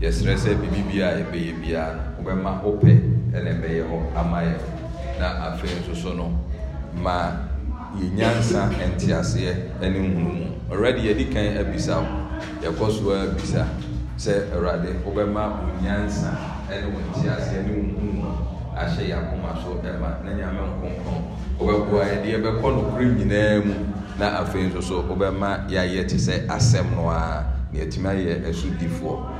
yɛsrɛ sɛ biribi a yɛbɛyɛ biara no wobɛma wo pɛ ɛna ɛbɛyɛ hɔ ama yɛ na afei nso so no ma yɛnyansa nteaseɛ ne nhunu mu already yɛdi kan abisa wo yɛkɔ so abisa sɛ awurade wobɛma wo nyansa ne wo nteaseɛ ne wo nhunu mu ahyɛ yɛ akoma so ma na nyame nkonkron wobɛboa yɛdeɛ bɛkɔ nokoro nyinaa mu na afei nso so wobɛma yɛayɛ te sɛ asɛm no ara na yɛatumi ayɛ ɛsodifoɔ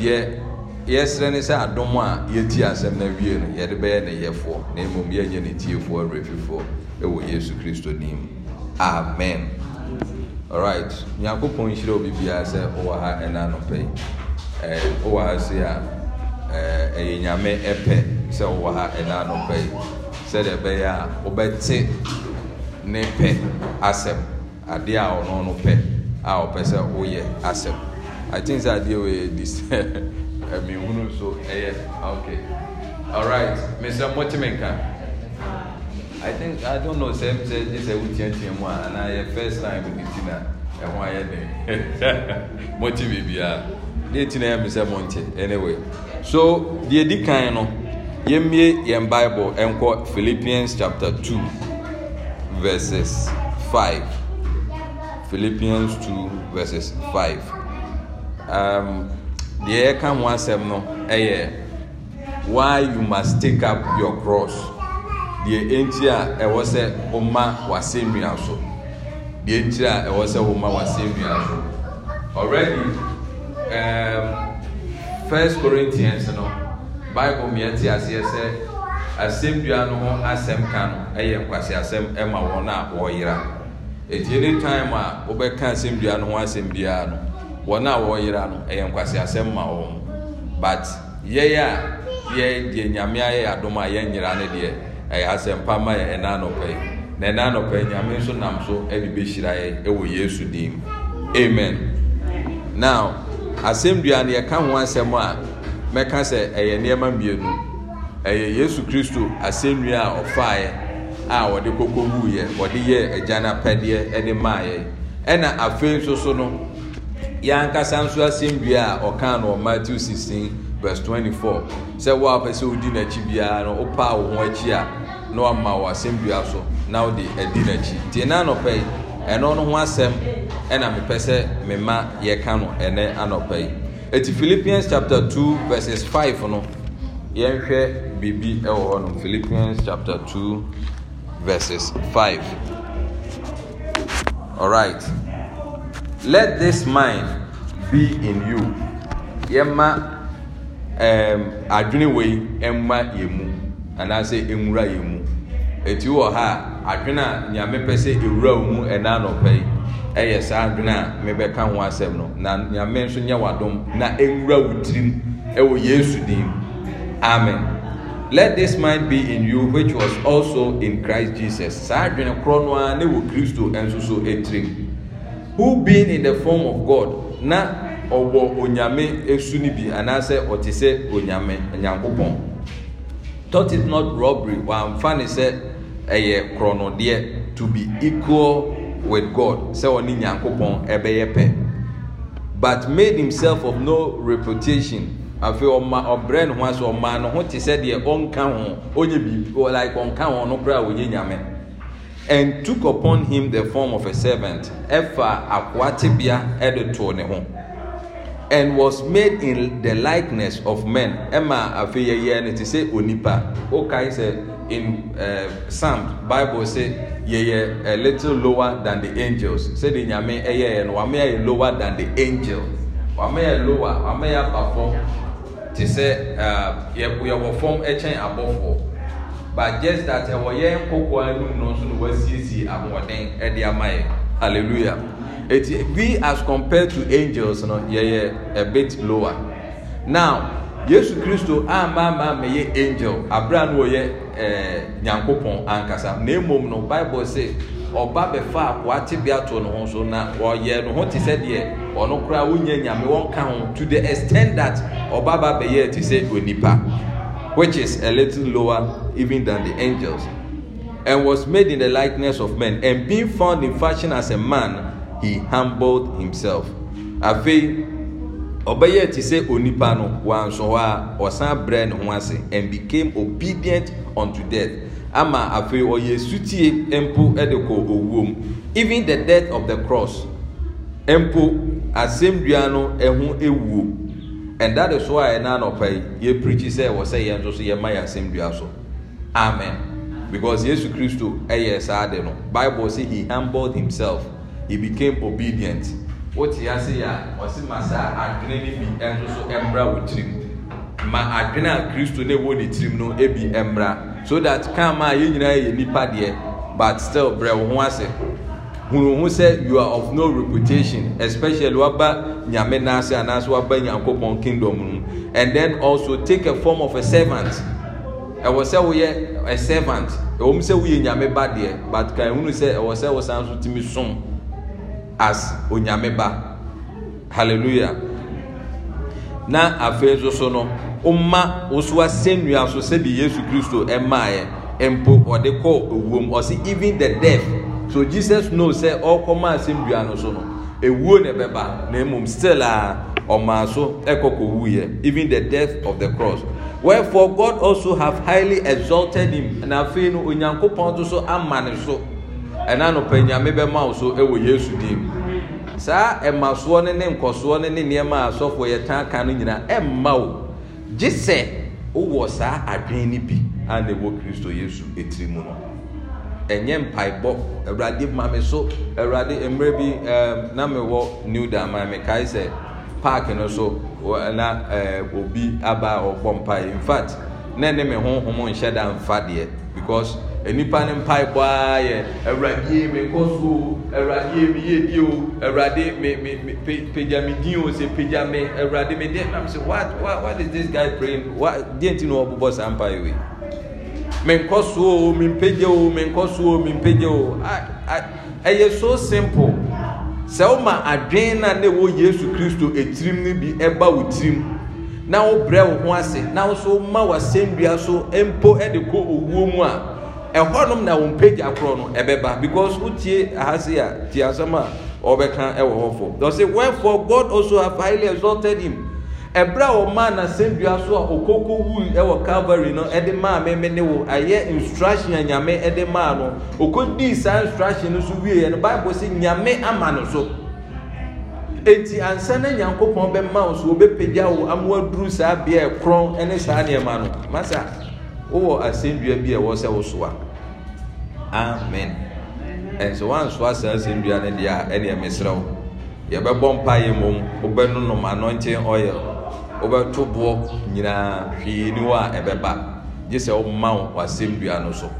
deɛ yɛsrɛ ne sɛ adom a yɛti asɛm no wie no yɛde bɛyɛ ne yɛfoɔ na mmom yɛanyɛ ne tiefoɔ awerɛfifoɔ ɛwɔ yesu kristo nim amen alright nyankopɔn nhyirɛ wo bibiara sɛ wowɔ ha ɛna anɔpɛ yi wowɔ ha se a ɛyɛ nyame ɛpɛ sɛ ha ɛna anɔpɛ yi sɛdeɛ ɛbɛyɛ a wobɛte ne pɛ asɛm a ɔno no pɛ I think that deal with this. I mean, who knows? So, yeah, okay. All right, Mr. Motimenka. I think I don't know. Same say this a weekend team one, and I first time in the dinner. And why are they? Motivate me, yeah. Uh, they tina uh, Mr. Monte. Anyway, so the edi kind no. Yemye yem Bible enko Philippians chapter two, verses five. Philippians two verses five. Um, deɛ yɛka ho asɛm no ɛyɛ why you must take up your cross deɛ ɛnti a ɛwɔ sɛ woma w'asɛnnua so deɛ ɛnti a ɛwɔ sɛ woma w'asɛnnua so already um, first corinthians no bible mmeɛ te aseɛ sɛ asɛnnua no ho asɛm ka no ɛyɛ nkwasi asɛm ɛma wɔn a wɔyera eti any time a wɔbɛka asɛnnua no ho asɛm biara no. wɔn a wɔyera no ɛyɛ nkwaseasɛm ma wɔn but yɛyɛ a yɛ deɛ nyame ayɛ adom a yɛnyera no deɛ ɛyɛ asɛmpa ma yɛ ɛna anɔpɛ na ɛna anɔpɛ nyame nso nam so ɛde bɛhyira yɛ ɛwɔ yesu dim amen now asɛmdua no yɛka ho asɛm a mɛka sɛ ɛyɛ nneɛma mmienu ɛyɛ yesu kristo asɛmdua a ɔfaeɛ a wɔde kɔkɔ wuiɛ wɔde yɛ agya no apɛdeɛ ɛde maayɛ ɛna afei nso so no yɛankasa nso asɛmdue a ɔkaa no matthew sixteen verse 24 sɛ wo a pɛ sɛ wodi n'akyi biara no wopaa wo ho akyi a na wama wɔ asɛmdua so na wode adi n'akyi nti ɛna anɔpa yi ɛno no ho asɛm ɛna mepɛ sɛ mema yɛka no ɛnɛ anɔpa yi ɛti philippians chapter two verses five. no yɛnhwɛ biribi ɛwɔ hɔ no philippians chapter two verses 5 alright let this mind be in you yɛma um, adwene wei ɛma yɛn mu anaasɛ ɛnwura yɛn mu etu wɔ ha a adwene a nyame pɛ sɛ ewura wɔn mu ɛna anɔpɛ yi ɛyɛ saa adwene a mebɛka ho asɛm no na nyame nso nyɛ wadom na ɛnwura wɔ tirim ɛwɔ yesu dim amen. Let this mind be in you which was also in Christ Jesus. Saa adwene korɔ no ara ne wɔ Kristo nso so etirim who being in the form of god na ɔwɔ onyame esu ni bi anaasɛ ɔte onyame nyankopɔn thought it not robbery wàmfa ne sɛ ɛyɛ korɔnodeɛ to be equal with god sɛ ɔne nyankopɔn ɛbɛyɛ pɛ but made himself of no reputation afei ɔma ɔbrɛ ne ho ase ɔma ne ho te sɛ deɛ ɔnka ho ɔnyɛ biribi like ɔnka ho no koraa ɔnyɛ nyame and took upon him the form of a servant ɛfa akoa tibia ɛde too ne ho and was made in the likeness of men ɛma afei yɛyɛ ne ti sɛ onipa okae sɛ in uh, Bible say sɛ yɛyɛ a little lower than the angels sɛde nyame ɛyɛyɛ no wame yɛ lower than the angel wame yɛ lower wame yɛ aba fam te sɛ eh, yɛwɔ fam ɛkyɛn e abɔfoɔ but just that ɛwɔ yɛn kɔkɔɔ anum no nso na wɔasiesie ahoɔden ɛde ama yɛ hallelujah eti we as compared to angels no yɛyɛ a bit lower now yesu kristo amaama mɛyɛ angel abira no wɔyɛ ɛɛ nyankopɔn ankasa na emom no bible say ɔba bɛfa akoa tibia to ne ho so na ɔyɛ ne ho te sɛ deɛ ɔno koraa wonya nyame wɔn ka ho to the extent that ɔba ba bɛyɛ te sɛ onipa which is a little lower even than the angels, and was made in the likeness of men, and being found in fashion as a man, he humbled himself. Afei, ɔbɛyɛ ti sɛ onipa no wanso hɔ a ɔsan brɛ ne ho ase and became obedient unto death ama afei ɔyɛ sutie mpo de kɔ owuo even the death of the cross mpo asɛm dua no ɛho ewuo and that is why ɛna anɔpa yi yɛ preach sɛ wɔ sɛ yɛn nso so yɛma yɛ asɛm dua so amen because yesu kristo ɛyɛ saa de no bible say he humbled himself he became obedient wote ase yɛ a ɔsi ma saa adwene ne bi nso so mmra wɔ tirim ma adwene a kristo ne wɔ ne tirim no ebi eh, mmra so that kan maa yɛn nyinaa yɛ nipa deɛ but still brɛ wo ase hunuhu sɛ you are of no reputation especially waba nyame n'ase anaasɛ waba pon kingdom mu and then also take a form of a servant ɛwɔ sɛ woyɛ a servant ɛwɔ mu sɛ woyɛ nyame ba deɛ but kan hunu sɛ ɛwɔ sɛ wosan so tumi som as onyame ba hallelujah na afei nso so no ɔma woso asɛnnua so sɛbi yesu kristo ɛmaeɛ mpo ɔde kɔ owuom ɔsi even the death. so jesus know sɛ ɔrekɔma asɛmdua no so no ewuo na ɛbɛba na mmom still a ɔmaa so ɛkɔ kɔwuiɛ even the death of the cross wherefore god also have highly exalted him na afei no onyankopɔn to so ama ne so ɛna no panyame so ɛwɔ yesu dim saa ɛma soɔ no ne nkɔsoɔ ne nneɛma a asɔfoɔ yɛtan no nyinaa gye sɛ wowɔ saa adwene bi a na ɛwɔ kristo yesu ɛnyɛ mpaebɔ awurade ma me so awurade mmerɛ bi ɛɛm eh, na mewɔ new dama mekae sɛ park no so na ɛɛ eh, obi aba a ɔbɔ mpae in fact na ne me honhom nhyɛ da mfa deɛ because nipa ne mpaebɔ ara yɛ awurade yie me kɔ so o awurade yie me yie die o awurade me me me pe pagya me din o sɛ pagya me awurade me deɛ na me sɛ what what what is this guy praying what deɛ nti na ɔbobɔ saa mpae wei menkɔ soɔ o mempegye o menkɔ soɔ o ɛyɛ so simple sɛ woma adwene na ne wɔ yesu kristo etirim ne bi ɛba wo tirim na wobrɛ wo ho ase na woso ma w'asɛnnua so mpo ɛde kɔ owuo mu a ɛhɔnom na wɔn mpegya korɔ no ɛbɛba because wotie ahase a tie asɛm a ɔbɛka ɛwɔ hɔ fo dɔsɛ wherefore god also have highly exalted him ɛbrɛ a wɔmaa n'asɛndua so a okoko wui ɛwɔ calvary no ɛde maa me ne wo ɛyɛ instruction a nyame ɛde maa no okodii saa instruction no so wie yɛ no bible sɛ nyame ama no so eti ansa na nyankopɔn bɛma wo so obɛpagya wo ama waduru saa bea korɔn ɛne saa nneɛma no masa wowɔ asɛndua bi a ɛwɔ sɛ wo amen ɛnso wansoa saa asɛndua no deɛ a ɛneɛ mesrɛ wo yɛbɛbɔ mpa yɛ mmom wobɛnonom anointing oil wobɛto boɔ nyinaa hwee ni hɔ a ɛbɛba gye sɛ woma wo w'asɛm dua no so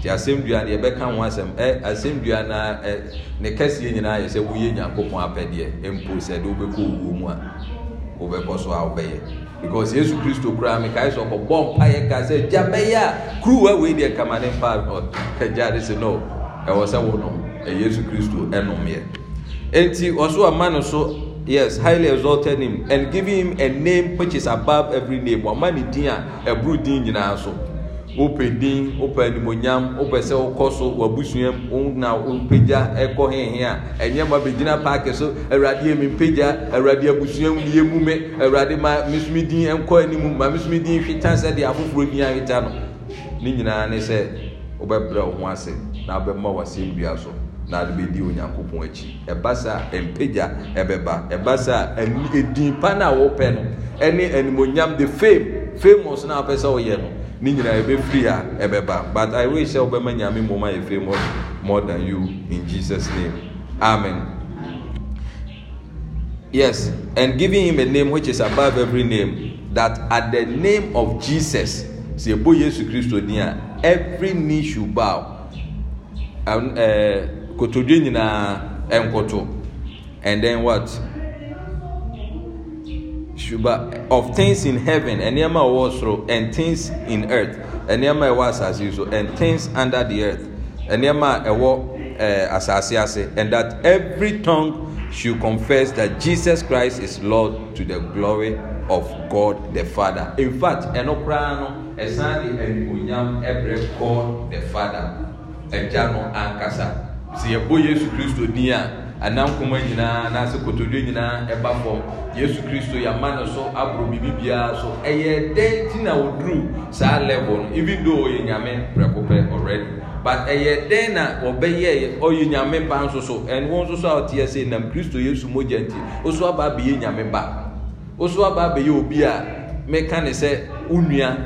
nti asɛm dua no yɛbɛka ho asɛm ɛ asɛm dua no ɛ ne kɛseɛ nyinaa yɛ sɛ woyɛ nyankopɔn apɛdeɛ mpo sɛ de wobɛkɔ owuo mu a wobɛkɔ so a wobɛyɛ because yesu kristo koraa mekae sɛ ɔkɔbɔ mpayɛ ka sɛ gya bɛyɛ a kuruwa wei deɛ kama ne mpa gya de sɛ no ɛwɔ sɛ wo nom ɛ yesu kristo ɛnomyɛ enti ɔso ama no so yes highly exalted him and giving him a name which is above every name wama ne din a ɛburu din nyinaa so wopɛ din wopɛ animonyam wopɛ sɛ wokɔ so wabusua mu na wopagya ɛkɔ hehe a ɛnyɛ ma bɛgyina paaki so awurade yɛ mi mpagya awurade abusua mu yɛ mu me awurade ma mesumi din nkɔ anim ma mesumi din hwita sɛdeɛ afoforɔ din ahwita no ne nyinaa ne sɛ wobɛbrɛ wo ho ase na wobɛma w'asɛm dua so na ade bɛdi onyankopɔn akyi ɛba saa mpagya ɛbɛba ɛba saa ɛdin pa no a wɔpɛ no ɛne animonyam the fame famous na a wɔpɛ sɛ wɔyɛ no ne nyinaa ɛbɛfiri a ɛbɛba but i wish sɛ wobɛma nyame mmom ayɛ famous more than you in jesus name amen yes and giving him a name which is above every name that at the name of jesus sɛ ɛbɔ yesu kristo din a every knee should bow and, uh, kotodwe nyinaa nkoto and then what sugar of things in heaven nneɛma a ɛwɔ soro and things in earth nneɛma a ɛwɔ asase so and things under the earth nneɛma a ɛwɔ eh, ɛɛ asase ase and that every tongue should confess that Jesus Christ is Lord to the glory of God the Father. In fact, ɛno koraa no ɛsan de ɛnuonyam ɛbrɛ God the Father ɛgya no ankasa sɛ yɛbɔ yesu kristo din a anaa nkɔmɔ nyinaa anaasɛ kotodwe nyinaa ɛba fam yesu kristo yɛama no so aboro biribi biara so ɛyɛ dɛn ti na ɔduru saa level no even though ɔyɛ nyame prɛko pɛ already but ɛyɛ dɛn na ɔbɛyɛ ɔyɛ nyame ba nso so ɛn wɔn nso so a ɔteɛ sɛ nam kristo yesu mogya nti ɔso aba abɛyɛ nyame ba ɔso aba abɛyɛ obi a mɛka ne sɛ onua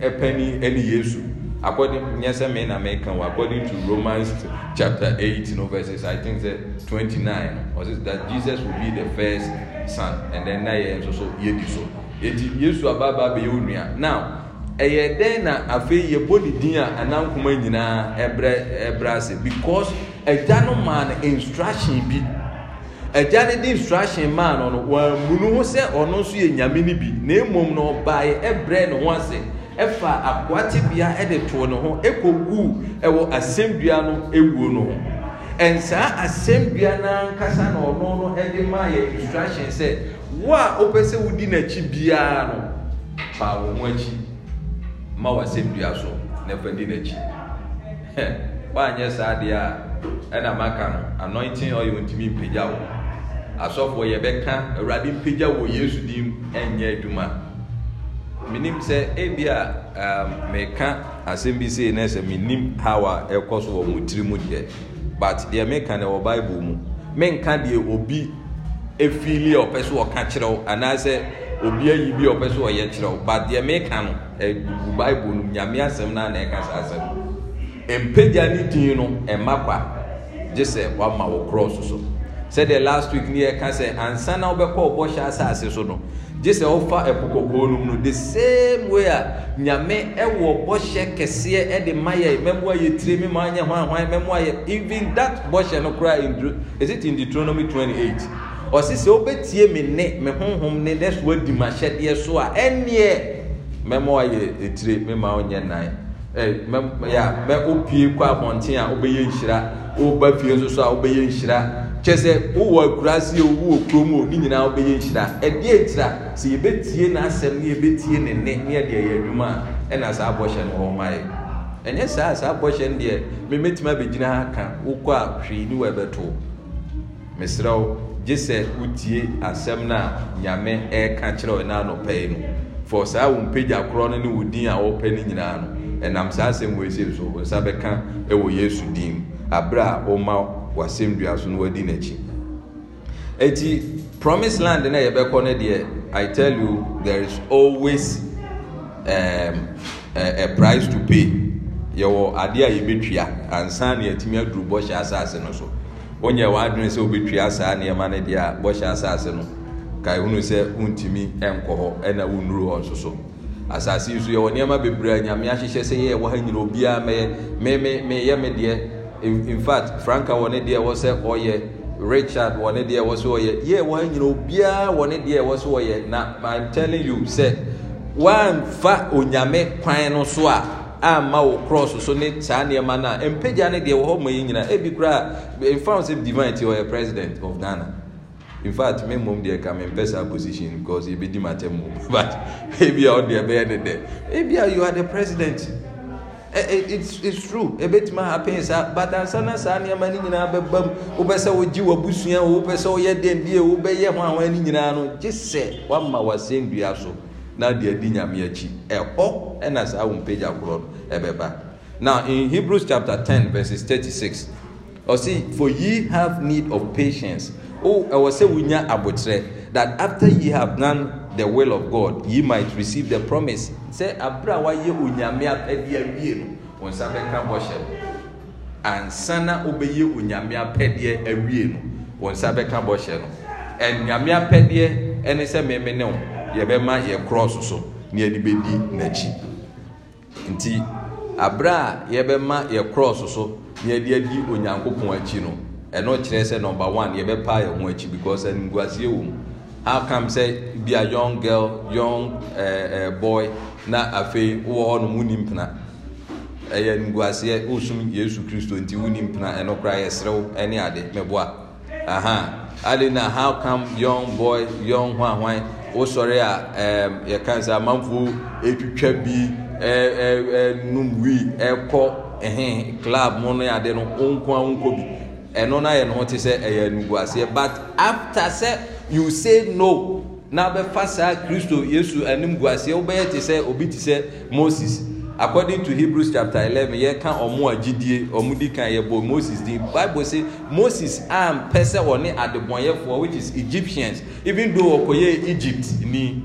ɛpɛni ɛne yesu according nyese mi na mi kan wa according to Romans chapter eight no verses I think say twenty-nine or that Jesus will be the first son and then na yɛ nso so yɛ di so eti Yesu ababa abɛyɛ onua now ɛyɛ dɛn na afei yɛbɔ ne din a anankoma nyinaa ɛbrɛ ɛbrɛ ase because ɛgya no maa no instruction bi ɛgya no de instruction maa no no wɔn amunu ho sɛ ɔno nso yɛ nyame no bi na emom no ɔbaa yɛ ɛbrɛ ne ho ase. ɛfa akoatebea ɛde too ne ho ɛkɔguu ɛwɔ asɛmdua no ɛwuo no ho ɛnsaa asɛmdua noankasa na ɔno no ɛde ma yɛ instruction sɛ wo a wopɛ sɛ wodi n'akyi biara no fa wɔn ho akyi ma w'asɛmdua so na ɛfa di n'akyi woanyɛ saa deɛ a ɛna maka no anointing ɔyɛ ntumi mpagya wo asɔfoɔ yɛbɛka awurade mpagya wɔ yesu dim ɛnyɛ adwuma menim sɛ ebia um, meka asɛm bi sei na sɛ menim how a ɛkɔ so wɔ mo tiri mu deɛ but deɛ meka na wɔ bible mu menka deɛ obi efili a ɔpɛ so ɔka kyerɛw anaasɛ obi ayi bi a ɔpɛ so ɔyɛ kyerɛw but deɛ meka no egugu bible no nyame asɛm na na ɛka saa asɛm mpagya ne din no ɛma kwa gye sɛ wama wɔ korɔ so sɛdeɛ last week ni yɛka sɛ ansa na wobɛkɔ ɔbɔhyɛ asase so no gye sɛ wofa ɛpo kɔkɔɔ nom no the same way a nyame ɛwɔ bɔhyɛ kɛseɛ ɛde ma yɛ mɛmoa yɛ tire mi ma nyɛ hwan hwan mɛmoa yɛ even that bɔhyɛ no koraa in dro is it in deuteronomy twenty eight ɔsi sɛ wobɛtie me ne me honhom ne ne so adi ma hyɛdeɛ so a ɛnneɛ mɛmoa yɛ tire mi ma nyɛ nan ɛɛ mɛ ya a mɛ opie kɔ abɔnten a wobɛyɛ nhyira woba fie nso so a wobɛyɛ nhyira. kyɛr sɛ wowɔ akuraseɛ owu wɔ kurom ɔ ne nyinaa wobɛyɛ nhyira ɛdeɛ tira sɛ yɛbɛtie n'asɛm ne yɛbɛtie ne nne ne yɛde yɛ adwuma a ɛna saa bɔhyɛ no hɔ mayɛ ɛnyɛ saa saa bɔhyɛ no deɛ memɛtimi abɛgyina ha ka wokɔ a hwee ne wɔbɛtoo mesrɛ wo gye sɛ wotie asɛm no a nyame kyerɛ wo ɛna anɔpɛi no fɔ saa wo mpagya korɔ no ne wo din a wɔpɛ no nyinaa no ɛnam saa asɛm wɔɛsei so wo nsa bɛka ɛwɔ yesu din mu a wasɛmdua so no wadi n'akyi eti promise land na yɛbɛkɔ no deɛ i tell you there is always um, a, a price to pay yɛwɔ adeɛ a yɛbɛtua ansa na yɛtumi aduru bɔhyɛ asase no so wonyɛ wadwene sɛ wobɛtua saa nneɛma no deɛ a bɔhyɛ asase no kae hunu sɛ wontumi nkɔ hɔ ɛna wonnuru hɔ nso so asase yi so yɛwɔ nneɛma bebree a nyame ahyehyɛ sɛ yɛyɛ wɔ ha nyina obiara mɛyɛ meyɛ me deɛ in fact franka wɔ ne deɛ ɛwɔ ɔyɛ richard wɔ ne deɛ ɛwɔ sɛ ɔyɛ yɛ wɔn nyina obiara wɔ ne deɛ ɛwɔ ɔyɛ na i'm telling you sɛ wɔamfa onyame kwan no so a ama wo cross so ne saa nneɛma no a mpagya ne deɛ wɔ hɔ ma yi nyina ebi koraa mfa sɛ divine ti ɔyɛ president of ghana in fact me mom deɛ ka me mpɛ saa position because ebi di ma tɛ mom but ebi a ɔdeɛ bɛyɛ ne dɛ ebi a you are the president. Eh, eh, it's it's true ebetuma eh, happen saa but asana na saa nneɛma no nyinaa bɛba mu wobɛ sɛ wogye w'abusua o wopɛ sɛ woyɛ den bie o wobɛyɛ ho ahoa no nyinaa no gye sɛ woama w'asɛndua so na de adi nyame akyi ɛhɔ ɛna saa wo mpagya korɔ ɛbɛba now in hebrews chapter ten verses thirty-six ɔsi for ye have need of patience o ɛwɔ sɛ wonya abotire that after ye have done the will of god ye might receive the promise sɛ abere a wayɛ onyame apɛde awie no wɔn nsa bɛka bɔhyɛ no ansa na wobɛyɛ onyame apɛdeɛ awie no wɔn nsa bɛka bɔhyɛ no ɛnyame apɛdeɛ ɛne sɛ mɛmɛ ne ho yɛbɛma yɛ cross so ne yɛde bɛdi n'akyi nti abere a yɛbɛma yɛ cross so ne yɛde adi onyankopɔn akyi no ɛno kyerɛ sɛ number one yɛbɛpa yɛn ho akyi because ɛnuguaseɛ wɔ mu. how come sɛ bi a young girl young uh, uh, na afei wowɔ hɔ ɛyɛ kristo nti wonim ɛno kora ade na how come young boy young hwanhwan a um, yɛkan sɛ amanfoɔ etwitwa bi ɛnum e, e, e, wi ɛkɔ ɛhen club mu no ade no bi ɛno but after sɛ you say no na bɛfa saa kristo yesu anim gu aseɛ wobɛyɛ te sɛ obi te sɛ moses according to hebrews chapter eleven yɛka ɔmo a gyidie ɔmo di kan yɛbɔ moses din bible say moses ampɛ sɛ ɔne adebɔnyɛfoɔ which is egyptians even though ɔkɔyɛ egypt ni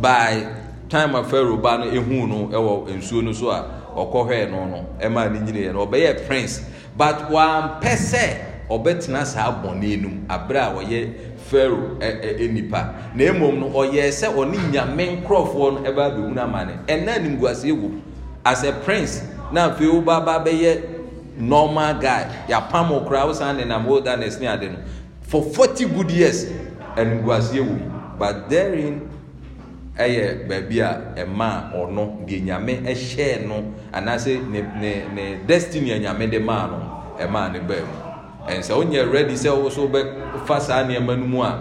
by time of pharaoh ba no ehu no ɛwɔ nsuo no so a ɔkɔhwɛɛ no no ɛmaa ne nyina yɛ no ɔbɛyɛ prince but wampɛ sɛ ɔbɛtena saa bɔnne no mu abere a ɔyɛ pharaoh eh, eh, eh, nipa na mmom no ɔyɛɛ sɛ ɔne nyame nkurɔfoɔ no ɛbɛ abɛhu no ama ne ɛna animguaseɛ wɔ as a prince na afei wobaba bɛyɛ normal guy yɛapam wo koraa wo san nenam wilderness ne ade no for forty good years animguaseɛ wɔ mu but therein ɛyɛ baabi a ɛma ɔno deɛ nyame ɛhyɛɛ no anaasɛ ne ne ne destiny a nyame de maa no ɛmaa ne baa ɛnsɛ wonyɛ ready sɛ wo so wobɛfa saa nneɛma no mu a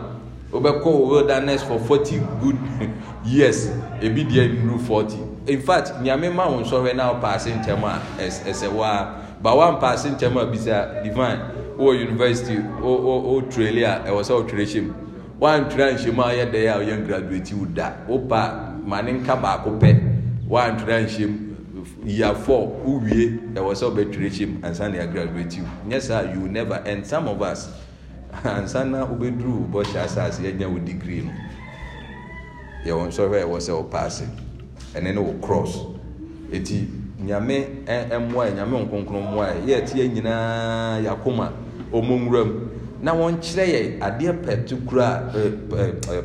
wobɛkɔ wo wilderness for forty good years ebi deɛ nnuru forty in fact nyame ma wo nsɔhwɛ na wopaase ntɛm a ɛsɛ hɔ a ba woampaase ntɛm a bisa divine wowɔ university wotwireli a ɛwɔ sɛ wotwere hyɛ mu woantwere anhyɛ mu a woyɛ dɛ a woyɛ graduate wo da wopa ma ne nka baako pɛ woantwere anhyɛ mu year four wowie ɛwɔ sɛ wobɛtwerɛ hyɛm ansa ne agraduate wo nyɛ saa you never and some of us ansa na wobɛduru wo bɔhyɛ asase anya wo degree no yɛwɔ nsɔhwɛ ɛwɔ sɛ wo paase ɛne ne wo cross ɛti nyame eh, eh, mmoa nyame nkonkron mmoa yɛte eh, yɛ nyinaa yɛakoma ɔmo nwura mu na wɔnkyerɛ yɛ adeɛ pɛte kura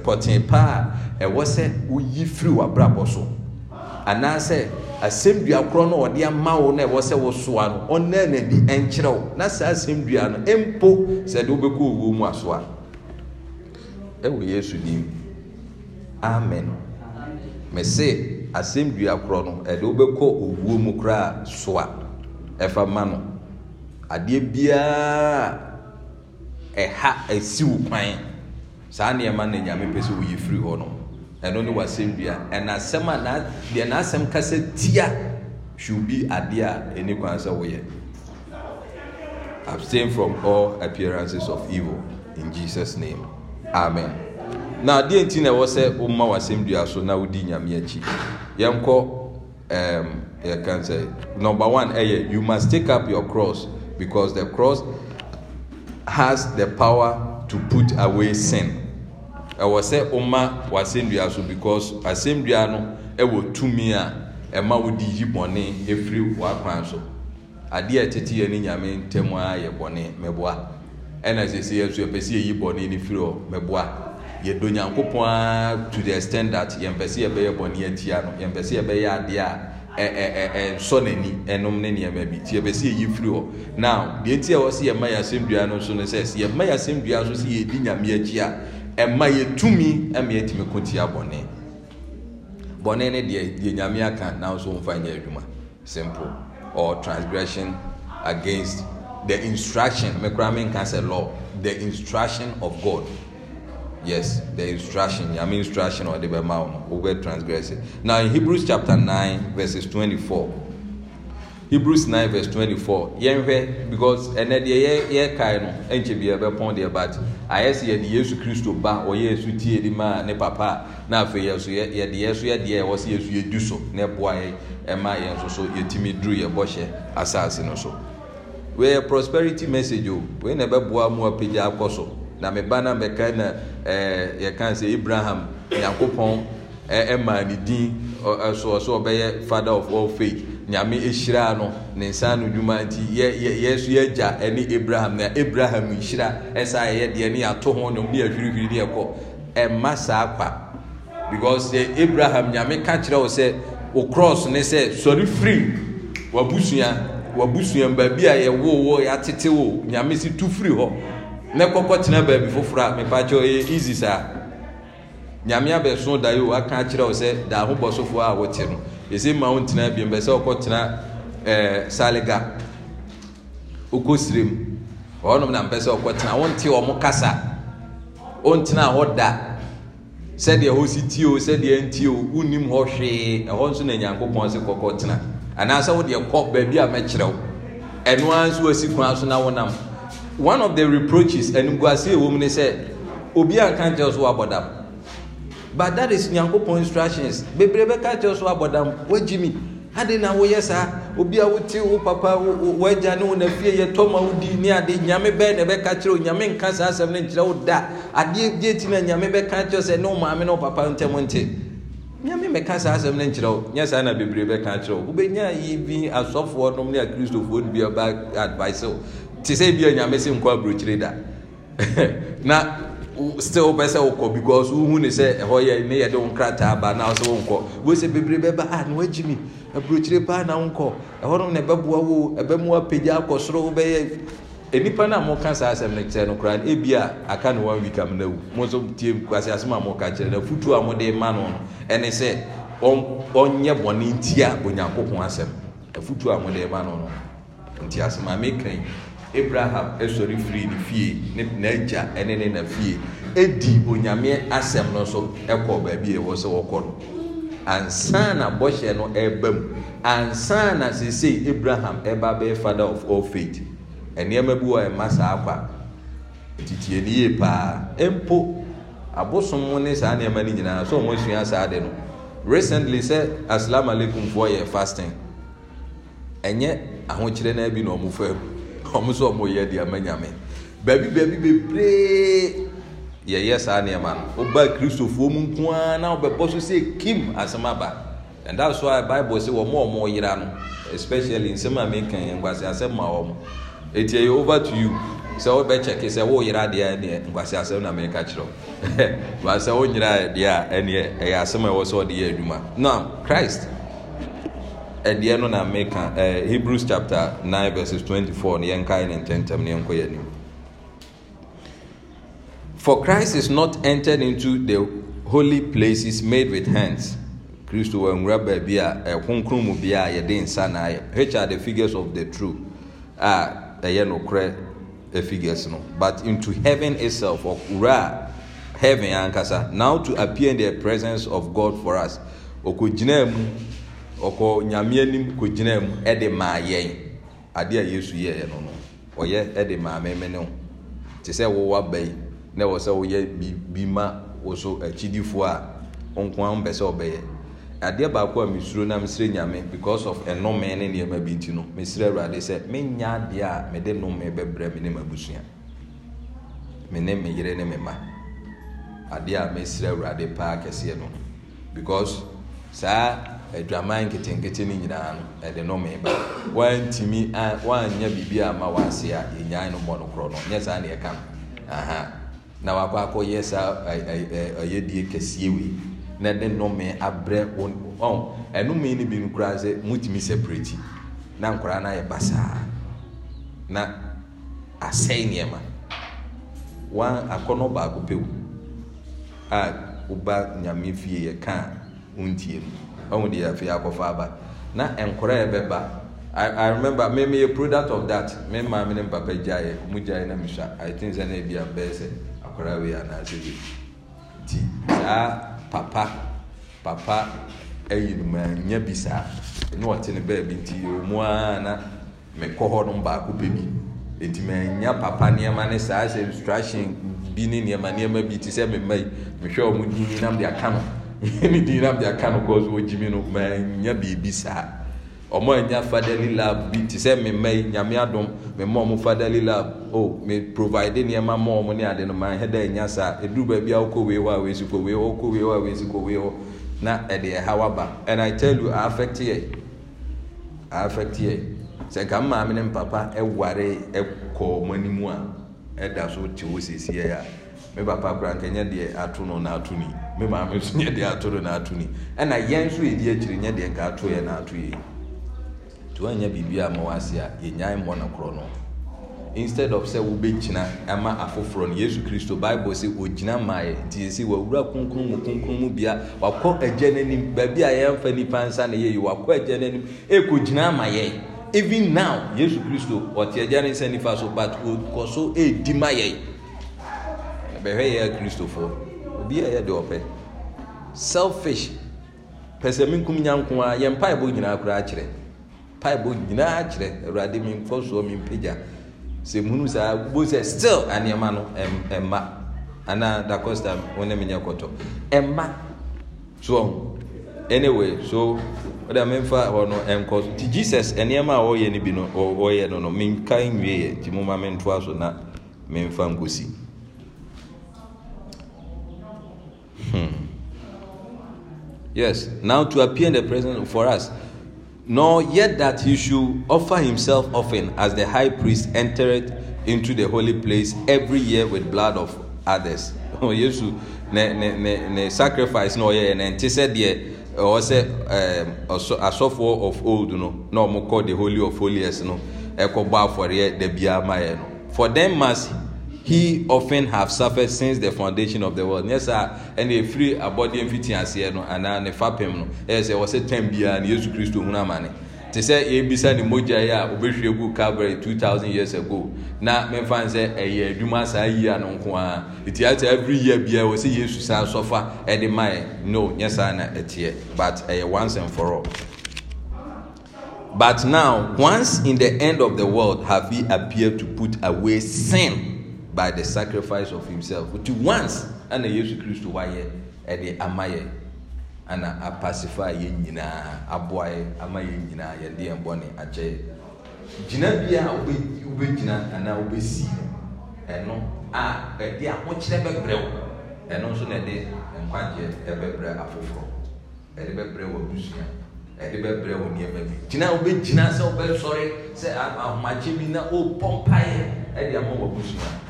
pɔten pa a ɛwɔ sɛ woyi firi w'abrabɔ so anaasɛ asɛmdua korɔ no ɔde ama wo no ɛwɔ sɛ wo soa no ɔnɛ nadi ɛnkyerɛ wo na saa asɛmdua no mpo sɛde wobɛkɔ ɔwuo mu aso a ɛwɔ yesu dim amen me se asɛmdua korɔ no ɛde wobɛkɔ ɔwuo mu koraa soa ɛfa ma no adeɛ biara ɛha asi wo kwan saa nneɛma na nyame pɛ sɛ woyɛ firi hɔ no ɛno ne wasɛm bia ɛna asɛm a deɛ n'asɛm kasa tia should be adeɛ a ɛni kwan sɛ woyɛ abstain from all appearances of evil in jesus name amen na adeɛ nti na ɛwɔ sɛ woma wasɛm dua so na wodi nyame akyi yɛnkɔ um, yɛkan sɛ number one ɛyɛ you must take up your cross because the cross has the power to put away sin ɛwɔ sɛ ɔma w'asɛnnua so because asɛnnua no ɛwɔ tumi a ɛma wodi yi bɔne ɛfiri w'akwan so adeɛ ɛtete yɛ ne nyame ntɛm a yɛ bɔne mɛboa ɛna sɛsi yɛ nso yɛpɛ sɛ yɛyi bɔne no firi hɔ mɛboa yɛdɔ nyankopɔn a to the extent that yɛmpɛ sɛ yɛbɛyɛ bɔne atia no yɛmpɛ sɛ yɛbɛyɛ adeɛ a ɛsɔ n'ani ɛnom ne nneɛma bi nti yɛpɛ sɛ yɛyi firi hɔ now deɛ nti a ɛwɔ sɛ yɛma yɛ asɛmdua no nso no sɛ yɛma yɛ asɛmdua so sɛ yɛdi nyame akyi a ɛma yɛ tumi ɛma yɛ tumi ko tia bɔnɛ bɔnɛ ne deɛ deɛ nyame aka nanso nfa nyɛ adwuma simple or transgression against the instruction mekura mi nka sɛ law the instruction of God yes the instruction nyame instruction ɔde bɛ ma wɔn wɔbɛ transgress it now in Hebrews chapter nine verses twenty-four hebrews nine verse twenty-four yɛn hwɛ because ɛnɛ deɛ yɛ yɛ kae no ɛnkyɛ bi yɛbɛ pɔn deɛ but ayɛ sɛ yɛde yesu kristo ba ɔyɛ yesu tie de ma ne papa na afei yɛ so yɛ yɛde yɛ so yɛ deɛ ɛwɔ sɛ yesu yɛdu so na ɛboa yɛ ɛma yɛn nso yɛtumi duru yɛ bɔhyɛ asaase no so wɔyɛ prosperity message o wɔyɛ na ɛbɛboa mu apagya akɔ so na me ba na mɛka na ɛɛ yɛka sɛ abraham nyankopɔn ɛɛ ɛmaa ne din ɛso ɔsɛ father of all faith nyame ɛhyiraa no ne nsa no dwuma nti yɛ so yɛagya ɛne abraham na abraham nhyira ɛsa yɛyɛ deɛ ne yɛato ho nom ne yɛahwirihwiri ne yɛkɔ ɛmma saa kwa because sɛ abraham nyame ka kyerɛ wo sɛ wo cross ne sɛ sɔre firi wabusua wabusua baabi a yɛwoo wo yɛatete wo nyame si tu firi hɔ ne kɔkɔ tena baabi foforɔ a mepakyɛ ɛyɛ easy saa nyame abɛso da yi o aka akyerɛ wo sɛ daa ho a wote no yɛsɛ ma wo ntena biom pɛ sɛ wokɔtena eh, saliga wokɔ sirem ɔnom na mpɛ sɛ wokɔtena wonte wɔ mo kasa wontena a hɔ da sɛdeɛ hɔ si tie o sɛdeɛ ntie o hɔ hwee ɛhɔ nso na nyankopɔn sɛ kɔkɔtena anaasɛ wodeɛ kɔ baabi a mɛkyerɛ wo ɛno ara nso asi kwan so na wonam one of the reproaches animguaseɛ ɛwɔ mu ne sɛ obi a nka so wabɔ dam but that is nyankopɔn instructions bebree bɛka kyerɛ so abɔdam wagyi mi ade na woyɛ saa obi a wote wo papa wagya ne wo na fie yɛ tɔma wo di ne ade nyame bɛɛ na ɛbɛka kyerɛ wo nyame nka saa asɛm no nkyerɛ wo da adeɛ gye ti na nyame bɛka kyerɛ sɛ ne wo maame ne wo papa ntɛm nte nyame mɛka saa asɛm no nkyerɛ wo nyɛ saa na bebree bɛka kyerɛ wo wobɛnya yi bi asɔfoɔ nom ne akristofoɔ no bi aba advice wo te sɛ bi a nyame se nkɔ aburokyire da na still pɛ sɛ wokɔ because wohu ne sɛ ɛhɔ yɛ ne yɛde wo nkrataa ba na sɛ wonkɔ wei sɛ bebree bɛba a ah, na woagyi mi aburokyire paa na wonkɔ ɛhɔ nom na ɛbɛboa wo ɛbɛmu apagya akɔ soro wobɛyɛ e, nnipa no a moka saa asɛm no kyerɛ no koraa no ebi a aka no one week am na wu mo nso tie kwasi asɛm a moka kyerɛ no afutuo a mode ma no no ɛne sɛ ɔnyɛ bɔne ntia onyankopɔn asɛm afutuo a mode ma no no nti asɛm a mekran abraham sɔre firi ne fie n'agya ne ne na fie edi onyame asɛm no so ɛkɔ baabi a ɛwɔ sɛ wɔkɔ no ansa na bɔhyɛ no ɛreba mu ansa na seesei abraham ɛba bɛyɛ father of all faith nnoɔma bi wɔ ɛma saa kwa titie ne yie paa mpo abosom ne saa nnoɔma no nyinaa sɛ ɔmo asua saa de no recently sɛ asalaamu alaikum foɔ yɛ fasting ɛnyɛ ahokyerɛ no abi na ɔmo fam. ɔmo so ɔmoyɛ deɛ ama nyame baabi baabi bebree yɛyɛ saa nnoɔma no woba kristofoɔ mu nko na wobɛbɔ so sɛ kim asɛm aba and that's why bible say wɔn a wɔn no especially nsɛm a meka yɛ nkwasi asɛm ma wɔn eti ɛyɛ over to you sɛ wɔbɛ sɛ wɔn deɛ ɛneɛ nkwasi asɛm na meka kyerɛw ɛhɛ wɔn asɛ deɛ ɛneɛ ɛyɛ asɛm a ɛwɔ sɛ ɔde yɛ adwuma ɛdeɛ no na meka hebrews chapter nine verses twenty-four ne yɛn ne ntɛntɛm ne for Christ is not entered into the holy places made with hands kristo wɔ nwura baabi a ɛkonkron mu bia a yɛde nsa na ayɛ which are the figures of the true a ɛyɛ nokorɛ figures no but into heaven itself or a heaven ankasa now to appear in the presence of God for us ɔkɔgyinaa mu. ɔkɔ nyame anim kɔgyinaa mu ɛde maa yɛn adeɛ a yesu yɛɛ no no ɔyɛ ɛde maa meme ne wo te sɛ wowaba yi na ɛwɔ sɛ woyɛ bi ma wo so akyidifoɔ a nkoa wo mpɛ sɛ ɔbɛyɛ adeɛ baako a mesuro na mesrɛ nyame because of ɛnome ne nneɛma bi nti no mesrɛ awurade sɛ menyɛ adeɛ a mede nome bɛbrɛ me ne mabusua me ne me yere ne me ma adeɛ a mesrɛ awurade paa kɛseɛ no because saa adwaman nketenkete no nyinaa no ɛde nomeba wantumi waanyɛ biribi a ma wase a ɛnyae no mmɔ no korɔ no nyɛ saa neɛka noha na wakɔ akɔyɛ saa ɛyɛdie kɛseɛ wei na de nome abrɛ ɛnome no bi no koraa sɛ motumi sɛprɛti na nkoraa no ayɛ basaa na asɛe nneɛma akɔnnɔ baako pɛwo a woba nyame fie yɛka a wontie no ɔhu deɛ afei akɔfa aba na nkora a ɛbɛba I, I remember me me a product of that me maame ne papa gyae mu gyae na mehwɛ I think sɛ na ebi abɛɛ sɛ akwaraa wei anaasɛ bi nti saa papa papa ayi no ma nya bi saa ɛna ɔte ne baabi nti ɔmo ara na mekɔ hɔ nom baako pɛ bi nti ma nya papa nneɛma ne saa sɛ instruction bi ne nneɛma nneɛma bi te sɛ me mma yi mehwɛ ɔmo din nam de aka no. ne dinam de aka nokɔ so wɔgyimi no maanya biribi saa ɔmo anya fadali lab bi te sɛ mema yi nyame adom mema ɔmo fadali lab o me provide nneɛma ma ɔmo ne ade no ma ɛhɛ dɛ nya saa eduru baabi a wokɔ wei hɔ a wesi kɔ wei hɔ wokɔ wei hɔ a wesi kɔ wei hɔ na ɛde ɛha waba and i tell you affect yɛ affect yɛ sɛ nka maame ne papa ɛware ɛkɔ ɔmo anim a ɛda so te hɔ siesie a me papa kura nkɛnyɛ deɛ ato no na ato ne me maame nso nyɛ deɛ ato do n'ato ni ɛna yɛn nso yɛdi akyire nyɛ deɛ nka ato yɛ n'ato yɛ to anya biribi a ma wase a yɛnyan mmɔ no korɔ no instead of sɛ wobɛgyina ama afoforɔ no yesu kristo bible sɛ ɔgyina maɛ nti yɛsi wawura kronkron mu kronkron mu bia wakɔ agya n'anim baabi a yɛmfa nnipa nsa na yɛyi wakɔ agya n'anim ɛkɔgyina ama yɛn even now yesu kristo ɔte agya ne nsa nifa so but ɔkɔ so ɛredi ma yɛn bɛhwɛ yɛ kristofoɔ obiaa yɛde ɔpɛ selfish pɛ sɛ menkum nya nko a yɛ mpaebɔ nyinaa koraa kyerɛ mpaebɔ nyinaa kyerɛ awurade memfɔ soɔ mempagya sɛ munu saa bo sɛ still annoɔma no mma anaa dacosta wo ne menyɛ kɔtɔ ɛmma soɔ anyway so wọ́n dàmé nfa hɔ no nkɔ so ti jesus nneɛma a ɔreyɛ no bi no ɔreyɛ no no menka nwieɛ nti mo ma me ntoa so na me nfa nkosi. Hmm. Yes, now to appear in the presence for us. Nor yet that he should offer himself often as the high priest entered into the holy place every year with blood of others. Oh, Jesus, ne ne ne ne sacrifice No, yeah, yɛ na nti sɛ deɛ ɔwɔ sɛ ɛɛ um, asɔfoɔ of old no na wɔn kɔ the holy of holies no ɛkɔ e bɔ afɔreɛ dabi ama yɛ no for them must he often have suffered since the foundation of the world nyɛ saa ɛna efiri abɔdeɛ mfiti aseɛ no anaa ne fapem no ɛyɛ sɛ wɔsɛ tɛm biara ne yesu kristo hun ama ne te sɛ yɛbisa ne mogya yi a obɛhwie gu calvary two thousand years ago na mɛfa n sɛ ɛyɛ adwuma saa yi a no nko ara eti ate every year biara wɔsɛ yesu saa sɔfa ɛde ma yɛ no nyɛ na ɛteɛ but ɛyɛ eh, once and for all. But now, once in the end of the world, have he appeared to put away sin by the sacrifice of himself nti once ana yesu kristo wayɛ ɛde ama yɛ ana apasifaa yɛn nyinaa aboa yɛ ama yɛn nyinaa yɛde yɛn bɔne akyɛ yɛ gyina bi a wobɛgyina anaa wobɛsi ɛno a ɛde ahokyerɛ bɛbrɛ wo ɛno nso na ɛde nkwagyeɛ ɛbɛbrɛ afoforɔ ɛde bɛbrɛ wɔ abusua ɛde bɛbrɛ wɔ nneɛma bi gyina wobɛgyina sɛ wobɛsɔre sɛ ahomakye bi na wopɔ mpaeɛ ɛde ama wɔ abusua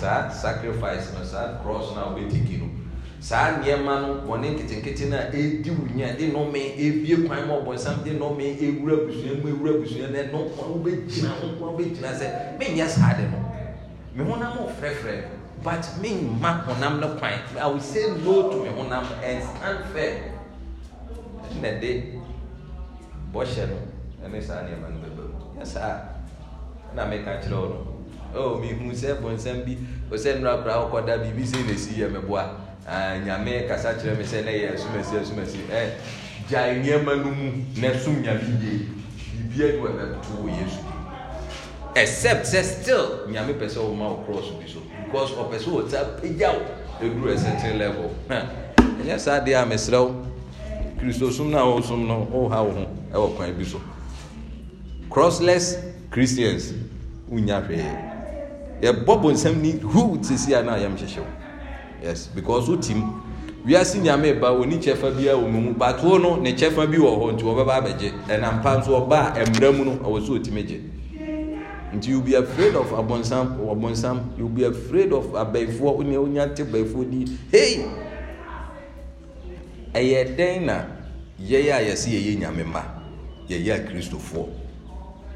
saa sacrifice no saa cross no a wobɛtiki no saa nneɛma no wɔne nketenkete no a ɛdi wo nya de eh, nome ɛbie kwan ma ɔbɔnsam de nome ɛwura abusua mu ɛwura abusua no ɛno nkwa wobɛgyina ho nkwa wobɛgyina sɛ menyɛ saa de no me honam eh, ɔfrɛfrɛ eh, no but memma honam no kwan i will say no to me honam and stand firm na de bɔhyɛ no ɛne saa nneɛma no bɛba mu yɛ saa na meka kyerɛ wo no oh mihu sɛ bɔnsɛm bi ɔsɛ nnura koraa ɔkɔda biribi sɛ na ɛsi yɛ meboa nyame kasa kyerɛ me sɛ na yɛ asomasi asomasi ɛ eh, gyae nneɛma no mu na som nyame yie biribia ne wɔbɛto wɔ yesu except sɛ still nyame pɛ sɛ wɔma wo cross bi so because ɔpɛ sɛ wɔta pagya wo ɛduru a certain level ɛnyɛ saa deɛ a mesrɛ wo kristosom no a wɔsom no woha wo ho ɛwɔ kwan bi so crossless christians wonya hwee yɛbɔ bonsam ni huu sisi a na yɛm hyehyɛ wo yes because wotim wiase nyame ba oni kyɛfa bi a wɔn mu batoɔ no ne kyɛfa bi wɔ hɔ nti ɔbɛba abɛgye ɛna mpa nso ɔba a mmerɛ mu no ɔwɔ so otimi gye nti you be afraid of abonsam abonsam you be afraid of abɛɛfoɔ onia onia te bɛɛfoɔ di hey ɛyɛ dɛn na yɛyɛ a yɛsi yɛyɛ nyame ma yɛyɛ a kristofoɔ.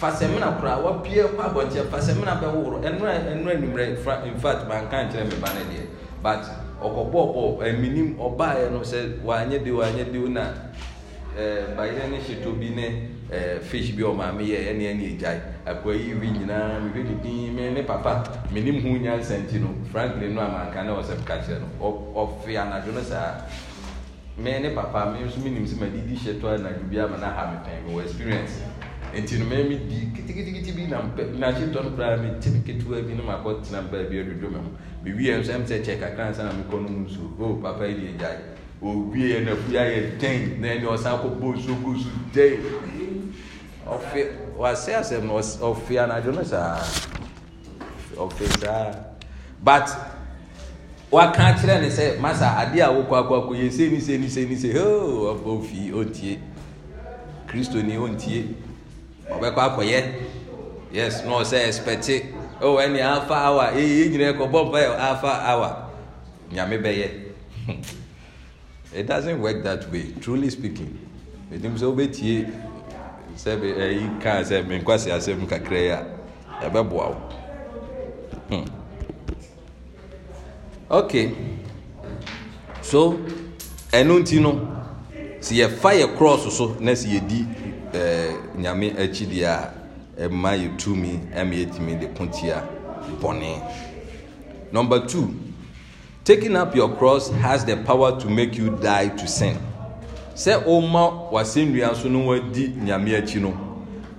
fasemina kura wapie kɔ abɔnten fasemina bɛ woro ɛnura ɛnura nimirɛ fra in fact maa nkan kyerɛ mi ba ne deɛ but ɔkɔbɔ bɔ ɛminim ɔbaa yɛ no sɛ wanyɛ de wanyɛ de na ɛɛ bayerɛ ne hyɛtɔ bi ne ɛɛ fish bi ɔmaame yɛ ɛne ɛne egyae akɔ yi bi nyinaa mi hwɛ ne mi ne papa mi nim ho nyansa nti no frankly no a maa nkan ne ɔsɛ ka kyerɛ no ɔfi anadwo no saa mi ne papa mi nso mi nim sɛ ma didi hyɛtɔ anadwo bi ama na ha mi pɛn mi wɔ experience nti no mɛmi di kitikiti bi na mpɛ na akyi tɔ no koraa mi ti mi ketewa bi na ma kɔ tena baabi adodo mɛ ho mi wi yɛ nso ɛmu sɛ kyɛ kakra nsa na mi kɔ no mu nsuo o papa yi deɛ gyae owie yɛ na fua yɛ den na ɛni ɔsan kɔ bo nsuo gu nsu den ɔfe wase asɛm na ɔfe anadwo no saa ɔfe saa but waka kyerɛ ne sɛ masa adeɛ a wokɔ akɔ akɔ yɛ se ni se ni se ni se hoo ɔbɔ fi ɔntie kristoni ɔntie ɔbɛkɔ akɔyɛ yes na ɔsɛ ɛspɛti ɛwɔ ɛni afa awa eyi nyina ɛkɔ bɔ mpa yɛ afa awa nyame bɛyɛ it doesn't work that way truly speaking edim sɛ ɔbɛtie sɛ ɛyi kan sɛ minkwasi asɛm kakra yɛ a ɛbɛboa o hmm okay so ɛnu ti no si yɛ fa yɛ cross so na si yɛ di. Eh, nyame akyi deɛ a ɛma yɛ tumi ɛma yɛtumi de ko tia number two taking up your cross has the power to make you die to sin sɛ ɔma wasɛnnua so no wadi nyame akyi no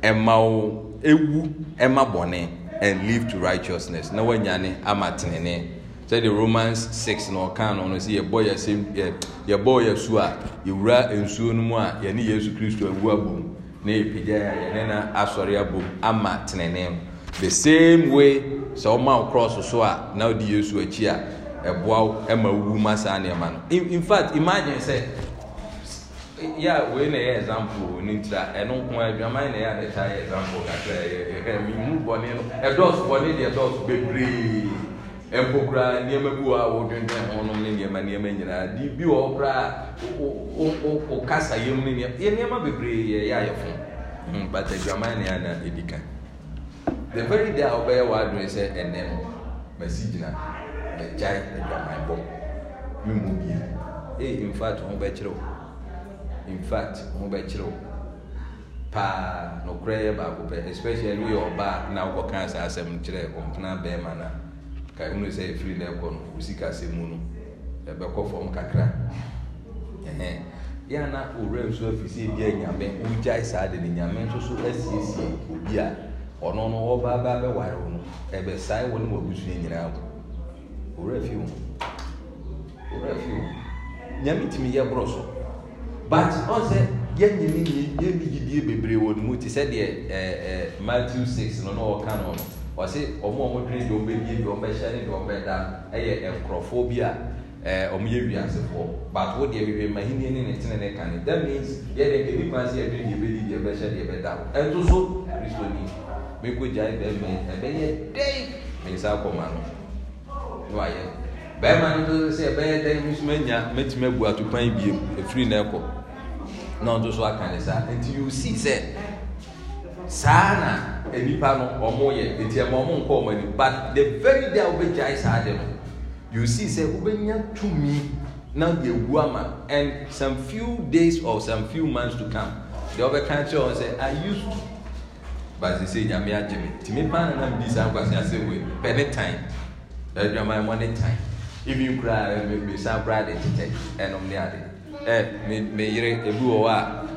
ɛma wo ewu ɛma bɔne and live to righteousness na wanyane ama tenene sɛ de romans six na ɔka no no sɛ yɛbɔ yɛsɛ yɛ yɛbɔ yɛsu a yɛwura nsuo no mu a yɛne yesu kristo awu abom na yɛpagyae a yɛne no asɔre abom ama tenene ho the same way sɛ woma wo krɔs so a na wode yesu akyi a ɛboa wo ma wowu ma saa nneɛma no infact imagine sɛ yà wei na yɛ example ne ntira ɛno nko ara adwaman na yɛ adeta yɛ example kakra yɛ ɛhɛ mi mu bɔne no ɛdɔɔso bɔne deɛ ɛdɔɔso bebree. mpo koraa nneɛma bi wɔ a wɔdwendwɛn ho nom ne nneɛma nneɛma nyinaa de bi wɔ hɔ koraa wo kasa yam ne nneɛma yɛ nneɛma bebree yɛ yɛ ayɛ fo hmm, but adwaman ne ana ɛdi ka the very day a wɔbɛyɛ wɔadwene sɛ ɛnɛ masi gyina magyae adwaman bɔ me mu bie ee in fact ho bɛkyerɛ wo in fact ho bɛkyerɛ wo paa nokorɛ yɛ baako pɛ especially woyɛ ɔbaa na wokɔka saa asɛm kyerɛ ɔmpena bɛrima no a ka ɛnu sɛ efiri na ɛkɔ no osi kase mu no ɛbɛkɔ fam kakra ɛhɛn na nso afi e sɛ ebi ɛnyame ogya e saa de ne nyame nso so asiesie e obi a ɔno no ɔbaa baa bɛware no ɛbɛsae wɔn nyinaa fi fi nyame tumi yɛ so but bi bebree wɔ ne mu te sɛ deɛ ɛɛ ɛɛ matthew six na ɔka wɔsi wɔn a wɔdwiri deɛ wɔbɛdie deɛ wɔbɛhyɛ ne deɛ wɔbɛda yɛ nkurɔfoɔ bi a ɛɛ wɔn yɛ wiasefoɔ but wo deɛ wiwi mahini ne ne tene ne kane that means yɛ deɛ ebi kwan si yɛdwiri deɛ yɛbɛdi deɛ yɛbɛhyɛ deɛ yɛbɛda ɛto eh, so kristo ni meko gya yi bɛrima yi ɛbɛyɛ dɛn nsa akɔma no ne wa yɛ bɛrima no to sɛ ɛbɛyɛ dɛn nso mɛnya mɛtumi abu atupan biem efiri na ɛkɔ na ɔto so aka ne saa nti you see sɛ saa na nipa no ɔmo yɛ nti ɛma ɔmo nkɔ ɔmo ani but the very day a wobɛgyae saa de no you see sɛ wobɛnya tumi na yɛwu ama and some few days or some few months to come deɛ ɔbɛka kyerɛ wɔn say i used but sɛ say nyame agye me tumi paa na nam di saa nkwasi asɛ wei pɛ ne tan adwaman mo ne tan even koraa ɛmɛ san koraa de tete ɛnom ne ade ɛ me me yere ebi wɔ hɔ a.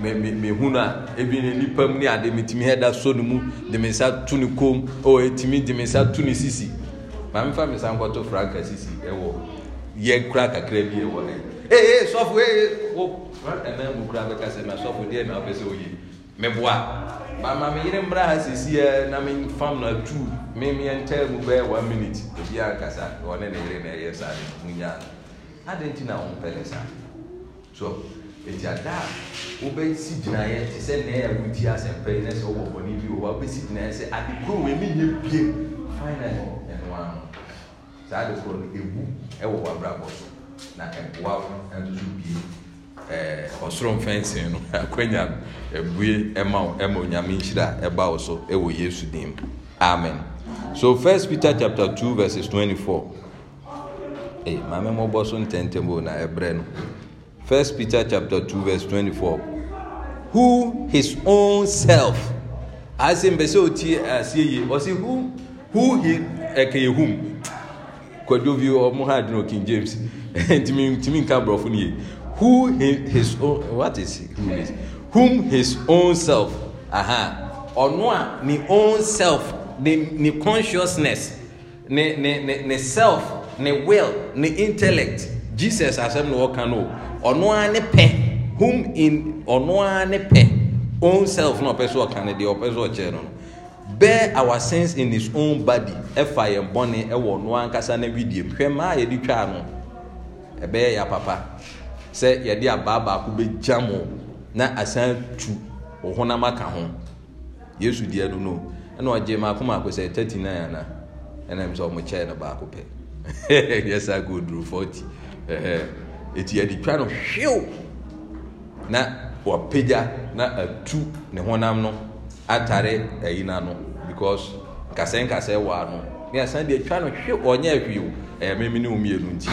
Me, me, me. mehunu a ebi ne nipa mu ne ade metumi ɛda so ne mu de me nsa tu ne kom o etumi de me nsa tu ne sisi maame fa me nsa nkɔto franka sisi ɛwɔ e yɛ kura kakra bi ɛwɔ e ɛ ee sɔfo ee e, wo ɛnna mu kura bɛka sɛ na sɔfo deɛ na ɔpɛ sɛ oye meboa mama me yere mbra ha sisi ɛ na me fam na tu me me ntɛn mu bɛɛ one minute ebi ankasa ɔne ne yere na ɛyɛ saa de mu nya adi nti na ɔn pɛlɛ saa so eti ada wobɛsi gyinaeɛ te sɛ nea ɛwo ti asɛmpa yi na sɛ wowɔ bɔne bi wɔ hɔ wobɛsi gyinaeɛ sɛ ade koro wɔ ɛmi nyɛ bie final ɛnoa no saa ade koro no ɛwu ɛwɔ w'abrabɔ so na ɛboa nso bie ɛɛ ɔsoro mfɛnsee no akwanya ɛbue ɛma ɛma onyame nhyira ɛba wo so ɛwɔ yesu dim amen so first peter chapter two verses twenty-four ee eh, maame mo bɔ so ntɛntɛn bo na ɛbrɛ no. First Peter chapter 2 verse 24. Who his own self asị mbese oti asị eyi ọsị who who he eke eh, whom? kwadwo bi ọmụ ha dị na King James ntumi ntumi nka who his own what is who is whom his own self aha ọnụ a ne own self ne ne consciousness ne ne ne self ne will ne intellect Jesus asem na ọ ka ɔno ara ne in ɔno own self na ɔpɛ so ɔka ne deɛ ɔpɛ so no no bear our sins in his own body ɛfa yɛn bɔne ɛwɔ ɔno ankasa na widiem hwɛ mmaa yɛde twa no ɛbɛyɛ yɛ papa sɛ yɛde abaa baako bɛgya mo na asan tu wo aka yesu deɛ no no ɛna ɔgye maako maako sɛ thirty nine ana ɛna mi sɛ ɔmo no baako ɛti yɛde twa no hwew na wapagya na atu ne honam no atare ayina no because nkasɛe nkasɛe wɔ ano ne asan deɛ twa no hwew ɔnyɛ ahwii o ɛyɛ mɛmi ne omienu nti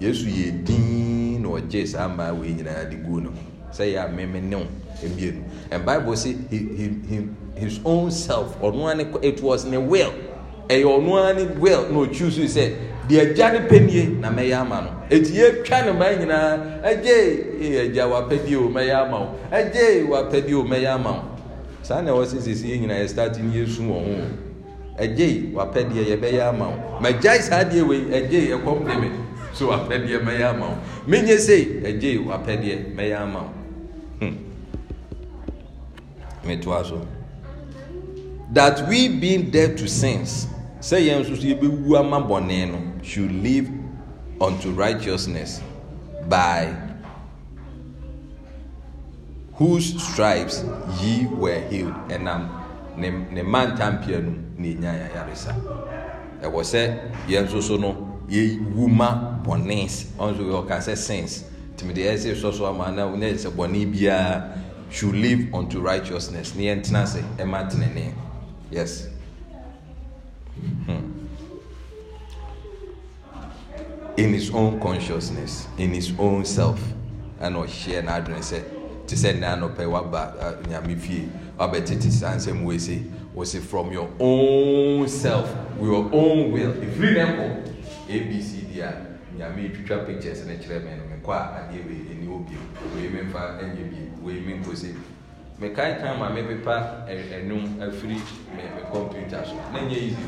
yesu yɛ din na ɔgye saa mmaa wei nyinaa de guo ne ho sɛ yɛ a mɛmi ne ho mmienu and bible say his own self ɔno ane it was ne will ɛyɛ ɔno ara ne well na ɔtwi so sɛ deɛ agya ne pɛnie na mɛyɛ ama no eti yɛtwa ne ma nyinaa ɛgye ee agya wapɛdie o mɛyɛ ama o ɛgye wapɛdie o mɛyɛ ama o saa na ɛwɔ sisi yɛn nyinaa yɛ start ne yɛ su wɔn ho ɛgye wapɛdeɛ yɛbɛyɛ ama o mɛgyae saa deɛ wei ɛgye ɛkɔmpliment so wapɛdeɛ mɛyɛ ama o menye sei ɛgye wapɛdeɛ mɛyɛ ama o hmm metoa so that we being dead to sins sɛ yɛn nso so yɛbɛwu ama bɔnee no should live unto righteousness by whose stripes ye were healed ɛnam um, ne ne mantampia no na enya yayaresa ɛwɔ sɛ yɛn nso so no yɛwu ma bɔnee ɔnso yɛ ɔka sɛ sins tìmìtì ɛsɛ sɔsɔ ama na ɔnyɛ sɛ bɔnee biara should live unto righteousness ne yɛn tena se ɛma tena ne Yes. Hmm. In his own consciousness, in his own self, and or share na address. To te sɛ nna anɔpɛ waba nyame uh, fie wabɛtete saa nsɛm wei se wɔsi from your own self your own will If you remember, abcd a nyame twitwa pictures ne kyerɛ mɛ a adeɛ wei eni obi wei mi nfa ɛnyɛ bi wei mi nkɔ mekae kan ma mepepa ɛnum afiri me me kɔmputa so na nye easy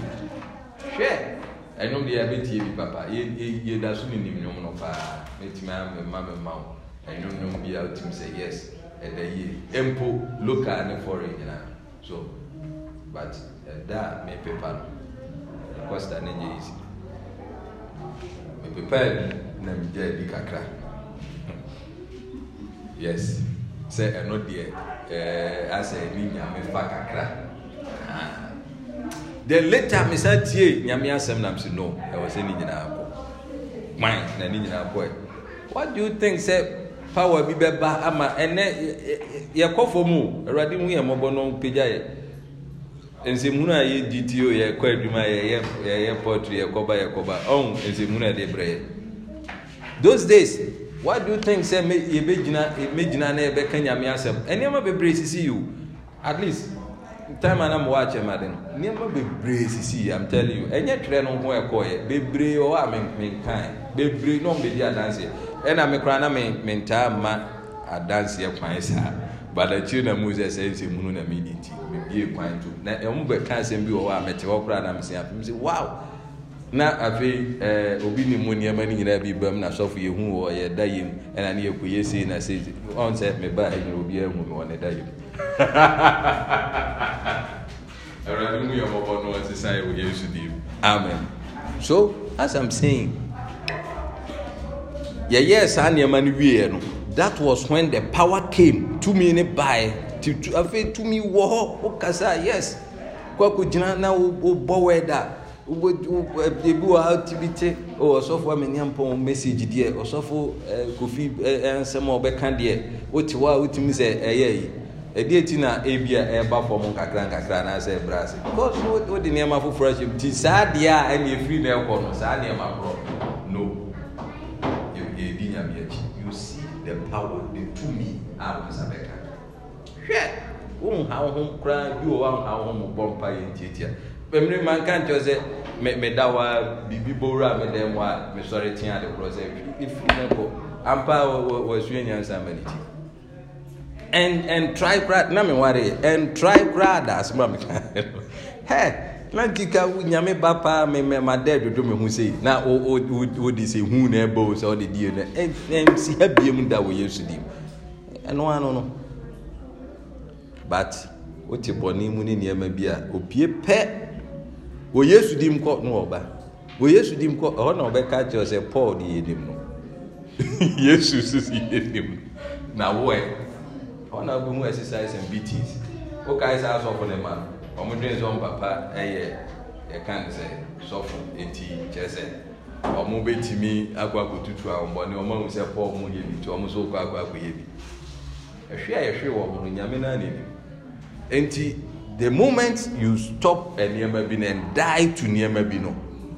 hwɛ ɛnum deɛ ɛbɛtie bi papa yɛ yɛ yɛ da so ne nim nnwom no paa metumi ama ma me ma wo ɛnum nnwom bi a otumi sɛ yes ɛda yie mpo local ne foreign nyinaa so but ɛda mepepa no ɛkɔsta na nye easy mepepa bi na megya bi kakra yes sɛ ɛno deɛ ɛɛ asɛ ɛni nyame fa kakra ah. then later mesa tie nyame asɛm na msi no ɛwɔ sɛ ne nyinaa bɔ kwan na ne nyinaa bɔ what do you think sɛ power bi ba ama ɛnɛ yɛkɔ fam o awurade mu yɛ mmɔbɔ no pagya yɛ nsɛmhunu a yɛ dto yɛkɔ adwuma yɛyɛ yɛyɛ pɔtri yɛkɔba yɛkɔba ɔn nsɛmhunu a brɛ yɛ those days what do you think Say me, be sɛ yɛbɛgyina yɛbɛgyina na yɛbɛka nyame asɛm eh, nneɛma bebree sisi yi o at least time anam na mo waakyɛ ma de no nneɛma bebree sisi yi i'm telling you ɛnyɛ eh, twerɛ no ho ɛkɔ yɛ bebree wɔ hɔ a menkan bebree eh, na ɔmbɛdi adanseɛ ɛna me koraa na me me mentaa ma adanseɛ kwan saa but akyire na mu sɛ sɛ nsɛm mu na mi di ti mebie kwan to na ɛmu bɛka asɛm bi wɔ hɔ a ah, mɛte hɔ koraa na mesɛ afɛm ah, sɛ wow. na afei eh, obi ne mu nnoɔma no nyinaa bi bam no asɔfo yɛhu wɔ yɛ da yam ɛna ne yɛkɔ yɛsei na sɛi ɔn sɛ mebaa ɛnyina obiaa hu me wɔ ne da yam awurade mu yɛ mmɔbɔ no ɔsesaeɛ wɔ yɛsu dim amen so as i'm saying yɛyɛɛ saa nnoɔma no wieɛ no that was when the power came to me ne to baeɛ afei tumi wɔ hɔ wokasa yes kɔakɔgyina na wobɔ wɛda a ebi wɔ ha tibi o ɔsɔfo amenia mpɔn message deɛ ɔsɔfo kofi nsɛm a ɔbɛka deɛ wote hɔ a wotumi sɛ ɛyɛ yi ɛdi eti na ebi ɛba eh, fam nkakra nkakra anaasɛ ɛbra ase because nneɛma foforɔ ahyɛ ti saa deɛ a eh, efiri na ɛkɔ no saa nneɛma korɔ no yɛdi nyame akyi si the power the tumi a wɔn nsa bɛka hwɛ wɔn koraa bi wɔ wɔn ha mmerima nka nkyɛw sɛ meda hɔ a biribi bɔwura a meda mu a mesɔre tea ade korɔ sɛ ɛfiri no kɔ ampa wɔasua nyansa ma ne ti and and try kura na mi wari and try kura adaase ma mi kan hɛ na nkika nyame ba paa mi mɛ ma dɛ dodo mi ho sei na o o o o de se hu na ɛbɔ o sɛ ɔde die na ɛ ɛ si ha bie mu da wɔ yesu di mu ɛno ano no but o ti bɔ ne mu ne nneɛma bi a opie pɛ. wɔ yesu dim kɔ ne wɔba wɔ yesu kɔ na ɔbɛka kyerɛ sɛ paul de yɛ no yesu nso si yɛ nim na woɛ ọ na wobɛhu e, exercise and beatings wokae saa asɔfo ne ma wɔn dwen sɛ wɔn papa ɛyɛ yɛka ne sɛ sɔfo eti kyerɛ sɛ wɔn timi akɔ akɔtutu a wɔn bɔ ne wɔn ahu sɛ paul mu yɛ bi e nti wɔn nso kɔ akɔ akɔ yɛ bi ɛhwɛ a yɛhwɛ wɔn no nyame naa n'anim nti the moment you stop nneɛma bi and die to nneɛma bi no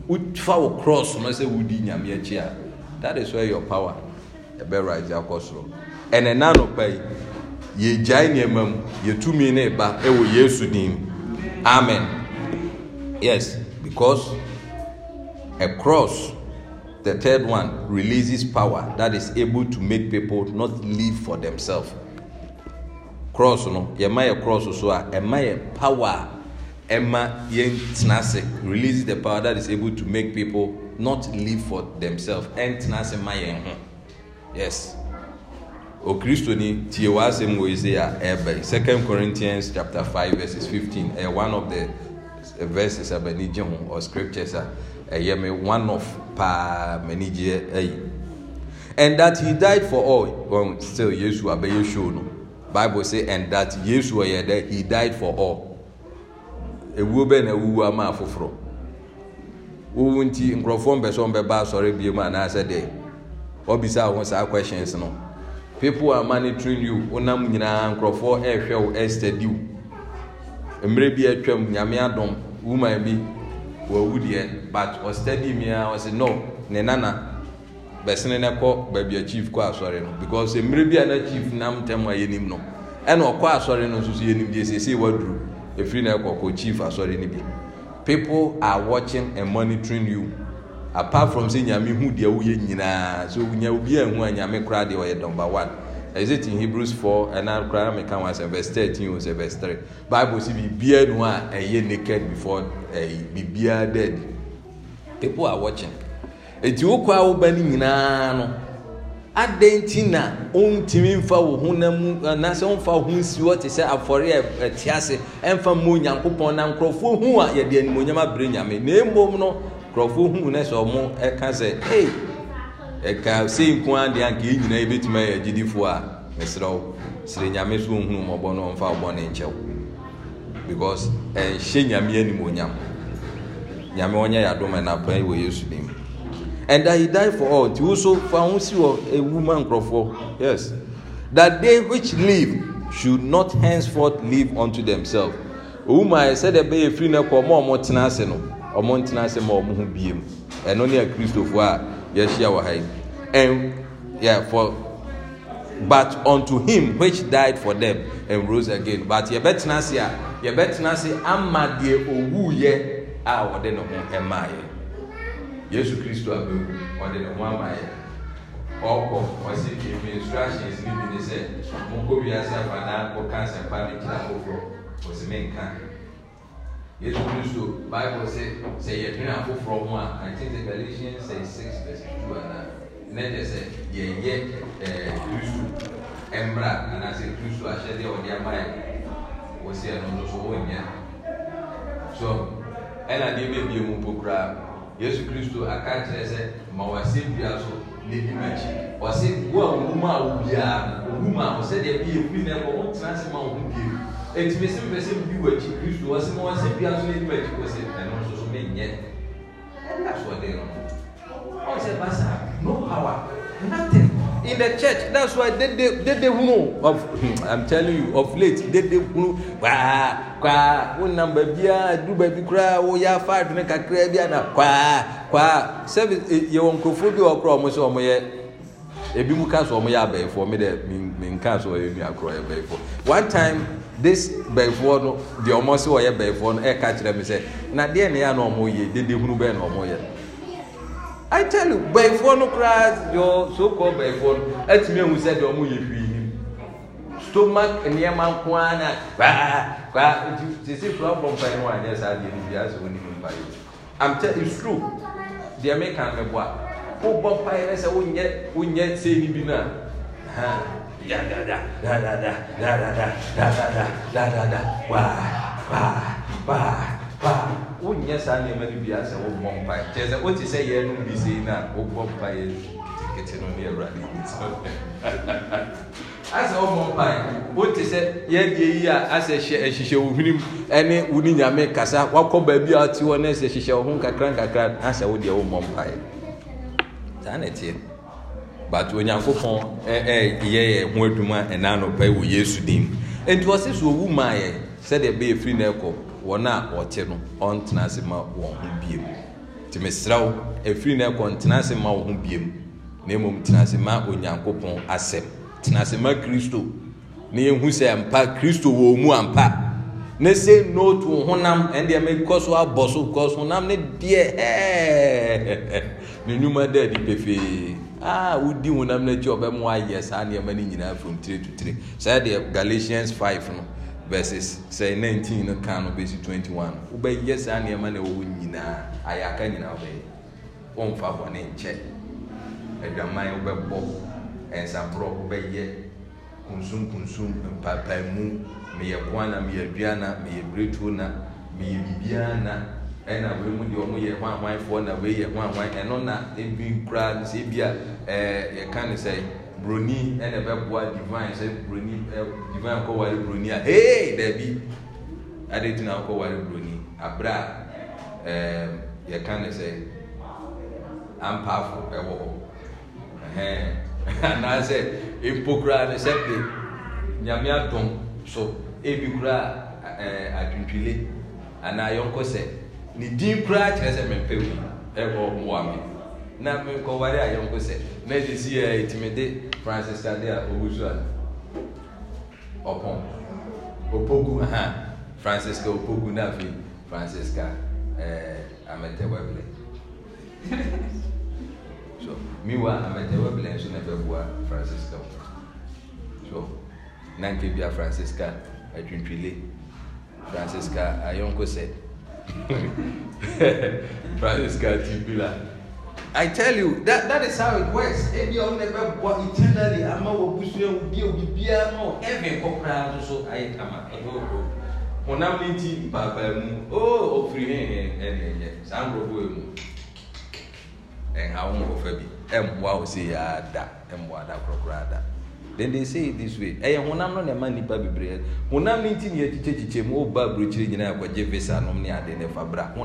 wofa wo cross no sɛ wodi nyame akyi a that is where your power ɛbɛ rise akɔ soro ɛnɛ nanɔpa yi yɛgyae nneɛma mu yɛtumi ne ba ɛwɔ yesu din amen yes because a cross the third one releases power that is able to make people not live for themselves cross no yɛma yɛ cross so a ɛma yɛ power a ɛma yɛn tena ase release the power that is able to make people not live for themselves ɛn tena ase ma yɛn ho yes okristo ni tie wa asɛm wɔ ese a second corinthians chapter five verses fifteen ɛyɛ one of the verses of bɛni gye ho or scriptures a ɛyɛ mi one of paa mɛni gye ɛyi and that he died for all well still yesu abɛyɛ show no. bible say and that yesu ɔyɛ dɛ he died for all ewuo bɛɛ na ewuo ama afoforɔ wowu nti nkurɔfoɔ mbɛsɛ ɔmbɛba asɔre bie mu anaasɛ deɛ ɔbisa ho saa questions no people are monitoring you wonam nyinaa nkurɔfoɔ ɛrehwɛ wo ɛrestadi wo mmerɛ bi atwam nyame adom woman bi wɔawu deɛ but ɔstadi mia a ɔsi no ne nana. bɛsene no kɔ baabi a chief kɔ asɔre no because mmerɛ bi a na chief nam ntɛm a yɛnim no ɛna ɔkɔ asɔre no nso so yɛnim deɛ seesei waduru ɛfiri no ɛkɔ kɔ chief asɔre no bi people are watching and monitoring you apart from sɛ nyame hu deɛ woyɛ nyinaa so nya obi a hu a nyame koraa deɛ ɔyɛ number one is it in hebrews four ɛna koraa meka wa sɛ verse thirteen o verse three bible says, biribiara no a ɛyɛ naked before ɛyi biribiara dead people are watching eti wokɔ a woba no nyinaa no adɛn nti na ɔntumi mfa wo honam anaasɛ ɔmfa ho nsi hɔ te sɛ afɔre ɛte ase ɛmfa mmɔ na nkurɔfoɔ hu a yɛde animonyam nyame na no a deɛ anka yɛ nyinaa yɛbɛtumi ayɛ agyidifoɔ a mesrɛ wo sịrị nyame so ɔhunu mmɔbɔ nyame animonyam nyame and that he died for all nti wosɔ fa ho si wɔ ewu ma nkurɔfoɔ yes that they which live should not henceforth live unto themselves Ouma, maa e sɛdeɛ bɛyɛ firi ne kɔ ɔmo a ɔmo tena ase no ɔmo ntena ase ma ɔmo ho bie mu ɛno ne akristofoɔ a yɛahyia wɔ ha yi and yeah for but unto him which died for them and rose again but yɛbɛtena ase a yɛbɛtena ase ama deɛ owu yɛ a wɔde ne ho ɛmaa e yɛ yesu kristo abegu ɔde ne ho ama yɛ ɔkɔ ɔsi emi instructions ni bi ne sɛ mokɔ wiase afa na akɔka asɛmpa ne kyerɛ afoforɔ ɔsi me nka yesu kristo bible sɛ sɛ yɛdwene afoforɔ ho a i think the galatians say six verse two ana ne kyɛ sɛ yɛyɛ ɛɛ eh, kristo mmra anaasɛ kristo ahyɛdeɛ ɔde ama yɛ wɔsi ɛno nso wɔn nyɛ so ɛna deɛ bebie mu mpo koraa yesu kristo aka kyerɛ sɛ ma wɔasɛ bia so n'ani m'akyi ɔse wo a wo mu a wo biara no wo mu a wo sɛdeɛ bi yɛ fi na ɛbɔ wo tena ase ma wo ho bie eti mi sɛ mpɛ sɛ mbi wɔ akyi kristo ɔse ma wɔasɛ bia so n'ani m'akyi kɔ sɛ ɛno nso so menyɛ ɛdi asoɔden no ɔsɛ basa the church that's why dede dede hunu of hmm, i'm telling you of late dede hunu kwaa kwaa wo nam baabi a du baabi koraa wo yɛ afa adwene kakra bi ana kwaa kwaa service yɛ wɔ nkurɔfoɔ bi wɔ korɔ wɔn sɛ wɔn yɛ ebi mu ka so wɔn yɛ abɛɛfoɔ mi dɛ mi nka so wɔyɛ nua korɔ yɛ bɛɛfoɔ one time this bɛɛfoɔ no deɛ wɔn sɛ wɔyɛ bɛɛfoɔ no ɛka kyerɛ mi sɛ na deɛ ne yɛ na wɔn yɛ dede hunu bɛɛ na wɔn yɛ i tell you bɛyifoɔ no koraa your so called bɛyifoɔ no ɛtumi ehu sɛ deɛ ɔmo yɛ hwii nim stomach nneɛma nko ara na kwaa kwaa nti sisi fura bɔ mpa yi ho anyɛ saa deɛ ni bi asɛ wɔn nim mpa yi am tell it's true deɛ mi kan mi bɔ a wobɔ mpa yi sɛ wonyɛ wonyɛ sei ni bi na ha da da da da da da da da da da da da da da waa waa waa ba wonyɛ saa nneɛma no bi asɛ wobɔ mpa kyɛ sɛ wote sɛ yɛ no bi sei no a wobɔ mpa yɛ tikete no ne awurade asɛ wobɔ mpa wote sɛ yɛdeɛ yi a asɛ hyɛ ahyehyɛ wo hwenem ɛne wo ne nyame kasa woakɔ baabi a wote hɔ no ɛsɛ hyehyɛ wo ho nkakra nkakra asɛ wodeɛ wommɔ mpaeɛ saa na ɛteɛ but onyankopɔn ɛɛ yɛ yɛ ho adwuma ɛna anɔpa wɔ yɛ sɛdeɛ bɛyɛ firi na wɔn a wɔte no ɔntena ase ma wɔn ho biem nti mesrɛ wo ɛfiri no ɛkɔ ntena ase ma wo ho biem na mmom tena ase ma onyankopɔn asɛm tena ase ma kristo na yɛhu sɛ mpa kristo wɔ mu ampa ne se no to honam ɛndeɛ mekɔ so abɔ so kɔ so honam ne deɛ hɛɛ ne nnwuma da adi pefee a ah, wodi honam no akyi ɔbɛmo ayɛ saa nneɛma no nyinaa from tire to tire saa deɛ galatians five no verses say nineteen no ka no bɛsi 21 wobɛyɛ saa nneɛma na ɛwɔ nyinaa ayaka nyinaa wobɛyɛ wɔmfa bɔne nkyɛ adwaman wobɛbɔ nsaporɔ wobɛyɛ kunsumkunsum mpapaamu meyɛ koa na meyɛ dua na meyɛ biretuo na meyɛ biribiara na ɛna wei mu deɛ wɔyɛ hwanhwanfoɔ na wei yɛ hwanhwan ɛno na ebi koraa sɛ ebi eh, a ɛɛ yɛka ne sɛ broni ɛna ɛbɛboa divine sɛ broni ɛ divine kɔ wari broni a hey dɛbi adi ti na wari broni abira ɛɛ yɛka ne sɛ ampaafo ɛwɔ hɔ ɛhɛn anaasɛ mpokura ne sɛ pe nyamea dɔn so ebi kura ɛɛ adwintwile anaa yɔnkɔ sɛ ne din kura kyerɛ sɛ mɛmpɛ wi ɛwɔ mmoa mi na mɛnkɔ wari a sɛ na yɛ si yɛ etimi francis kadeɛ owusu eh, a ɔpɔn opogu ha francis ka opogu na afei francis ka ɛɛ amɛtɛ wɛblɛ so miwa amɛtɛ wɛblɛ nso na ɛbɛboa francis ka so nanke bia francis ka atwintwile francis ka ayɔnko sɛ francis ka tibila. I tell you that that is how it works. Ebi ọ̀hún ẹgbẹ́ bọ̀ eternally ama wọ busu ewu bi obi biara náà heaven kọ koraa nso ayé kama ẹ̀hẹ́ òkú. Honam ni ti mpaapa mu oo ofiri hẹ́hẹ́ ẹ̀na ẹ̀yẹ saa nkurɔfoɔ emu ɛnha wọn nkɔfa bi ɛmboa ose yɛ ada ɛmboa ada korokoro ada then they say it this way ɛyɛ honam no na ɛma nipa bebree honam ne ti ne yɛkyikyɛ kyikyɛ mu ɔba aburokyire nyinaa akɔgye visa nom ne ade ne fa bra no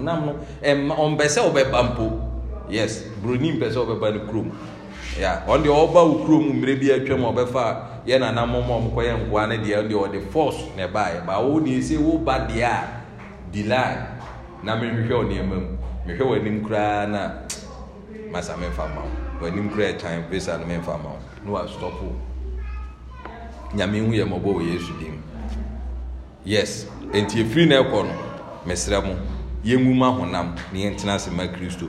ɛma ɔmbɛsɛ ɔbɛba mpo yes broni mpɛ sɛ ɔbɛba ne kurom ya ɔno deɛ ɔba wo kurom mmerɛ bi atwam ɔbɛfa yɛ nana mɔmɔ ɔmo kɔyɛ nkoa ne deɛ ɔde ɔde force na ɛbaeɛ ba wo deɛ sɛ wo ba deɛ a di lie na mehwehwɛ wo nneɛma mu mehwɛ w'anim koraa na masa memfa ma wo w'anim koraa ɛtan visa no memfa ma wo na wastɔpo nyame hu yɛ mmɔbɔ wɔ yesu dim yes enti ɛfiri no ɛkɔ no mesrɛ mo yɛngu ma honam na yɛntena ase ma kristo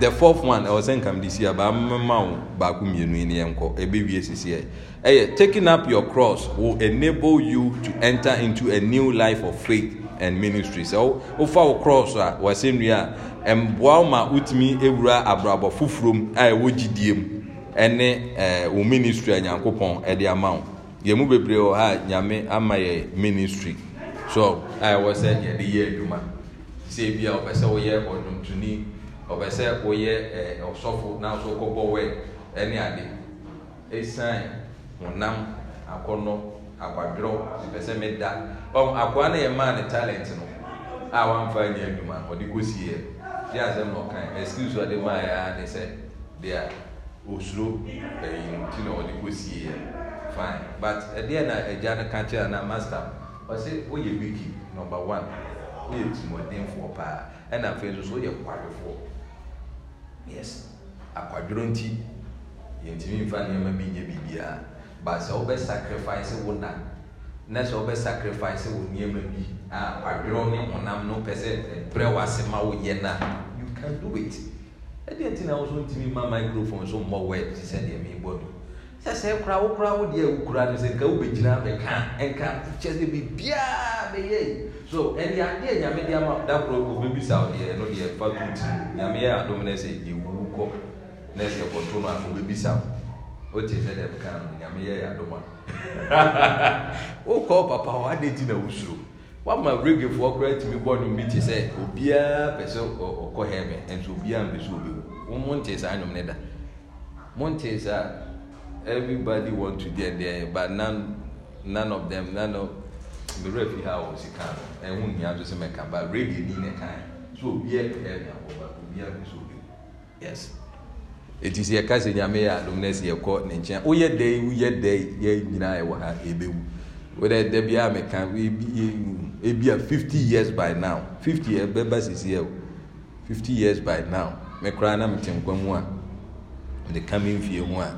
the fourth one ɛwɔ sɛ nkam de si a baa mma wo baako mmienu yi ne yɛnkɔ ɛbɛwie sisi ɛ ɛyɛ taking up your cross will enable you to enter into a new life of faith and ministry sɛ so, wofa wo cross a wɔsɛ nnua a mboa wo ma wotumi ewura abrabɔ foforɔ mu a ɛwɔ gyidie mu ɛne ɛɛ wo ministry a nyankopɔn ɛde ama wo yɛn mu bebree wɔ ha nyame ama yɛ ministry so a ɛwɔ sɛ yɛde yɛ adwuma sɛ ebi a ɔpɛ sɛ woyɛ ɔdwomtoni ɔpɛ sɛ woyɛ ɛ eh, ɔsɔfo nanso kɔbɔ wɛ ɛne ade esan honam akɔnɔ akwadorɔ ɔpɛ sɛ meda ɔm akwa no yɛ maa ne talent no a wamfa nyɛ adwuma ɔde kɔsi yɛ de asɛm na ɔkan excuse ɔde maa yɛ ara ne sɛ de a osuro ɛyi eh, no ti na ɔde kɔsi yɛ fine but ɛdeɛ eh, na agya no ka kyerɛ na master ɔsɛ woyɛ big number one woyɛ tirimɔdenfoɔ paa ɛna afei nso so woyɛ kwadwofoɔ yes akwadworo nti yɛntumi nfa nneɛma bi nyɛ biribiara but sɛ wobɛ sacrifice wo na na sɛ wobɛ sacrifice wo nneɛma bi a kwadworo ne honam no pɛ sɛ brɛ wase ma woyɛ na you can do it ɛdeɛ nti na wo so ntumi ma microphone so mmɔ word sɛdeɛ meebɔ no sɛ sɛ kora wo kora wo deɛ wo kora no sɛ nka wobɛgyina bɛka ɛnka kyɛ sɛ biribiaa bɛyɛ so ɛdi adeɛ nyame de ama dapro ko bebi sa deɛ no deɛ fa good nyame yɛ adom na sɛ ewu kɔ na sɛ kɔto no afɔ bebi sa o te sɛ dɛm kan no nyame yɛ adom a wokɔ papa hɔ adi ti na wusuro wama regefoɔ koraa tumi bɔ nnwom bi te sɛ obiara pɛ sɛ ɔkɔ hɛmɛ nso obiara mpɛ sɛ obi wo mo nte saa nnwom ne da mo nte saa everybody want to deɛ deɛ but none none of them none of mmerɛ fi ha wɔ sika no ɛho nia nso sɛ mɛka ba radio ni ne kan so obi ɛpɛ ne abɔba obi ɛpɛ so obi yes eti sɛ yɛka sɛ nyame yɛ adom na sɛ yɛkɔ ne nkyɛn woyɛ dɛ woyɛ dɛ yɛ nyinaa ɛwɔ ha ɛbɛwu wɔdɛ dɛ bi a mɛka ebi eh, eh, a fifty years by now fifty years bɛba sisi yɛ o fifty years by now mɛkora na mɛte nkwa mu a mɛde ka mi nfie ho a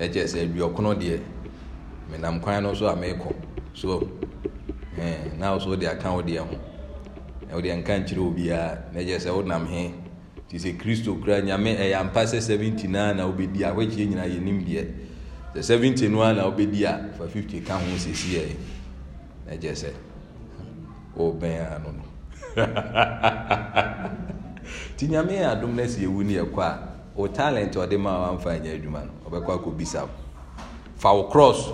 ɛkyɛ sɛ aduɔkono deɛ mɛnam kwan no so a mɛkɔ so. Eh, na wo de wode aka wo deɛ ho wode nka nkyerɛ obiaa na gye sɛ wonam he nti sɛ kristo kora nyame ɛyɛ ampa sɛ 70 naa na wobɛdi a woakyiɛ nyinaa yɛnim deɛ sɛ 70 no a na wobɛdi a fa 50 ka ho sɛsiɛ na gye sɛ wobɛn ano no nti nyame yɛ adom no sɛ yɛwu ne yɛkɔ a wo talent ɔde ma wamfa nyɛ adwuma no ɔbɛkɔ akɔbisa wo fa wo cross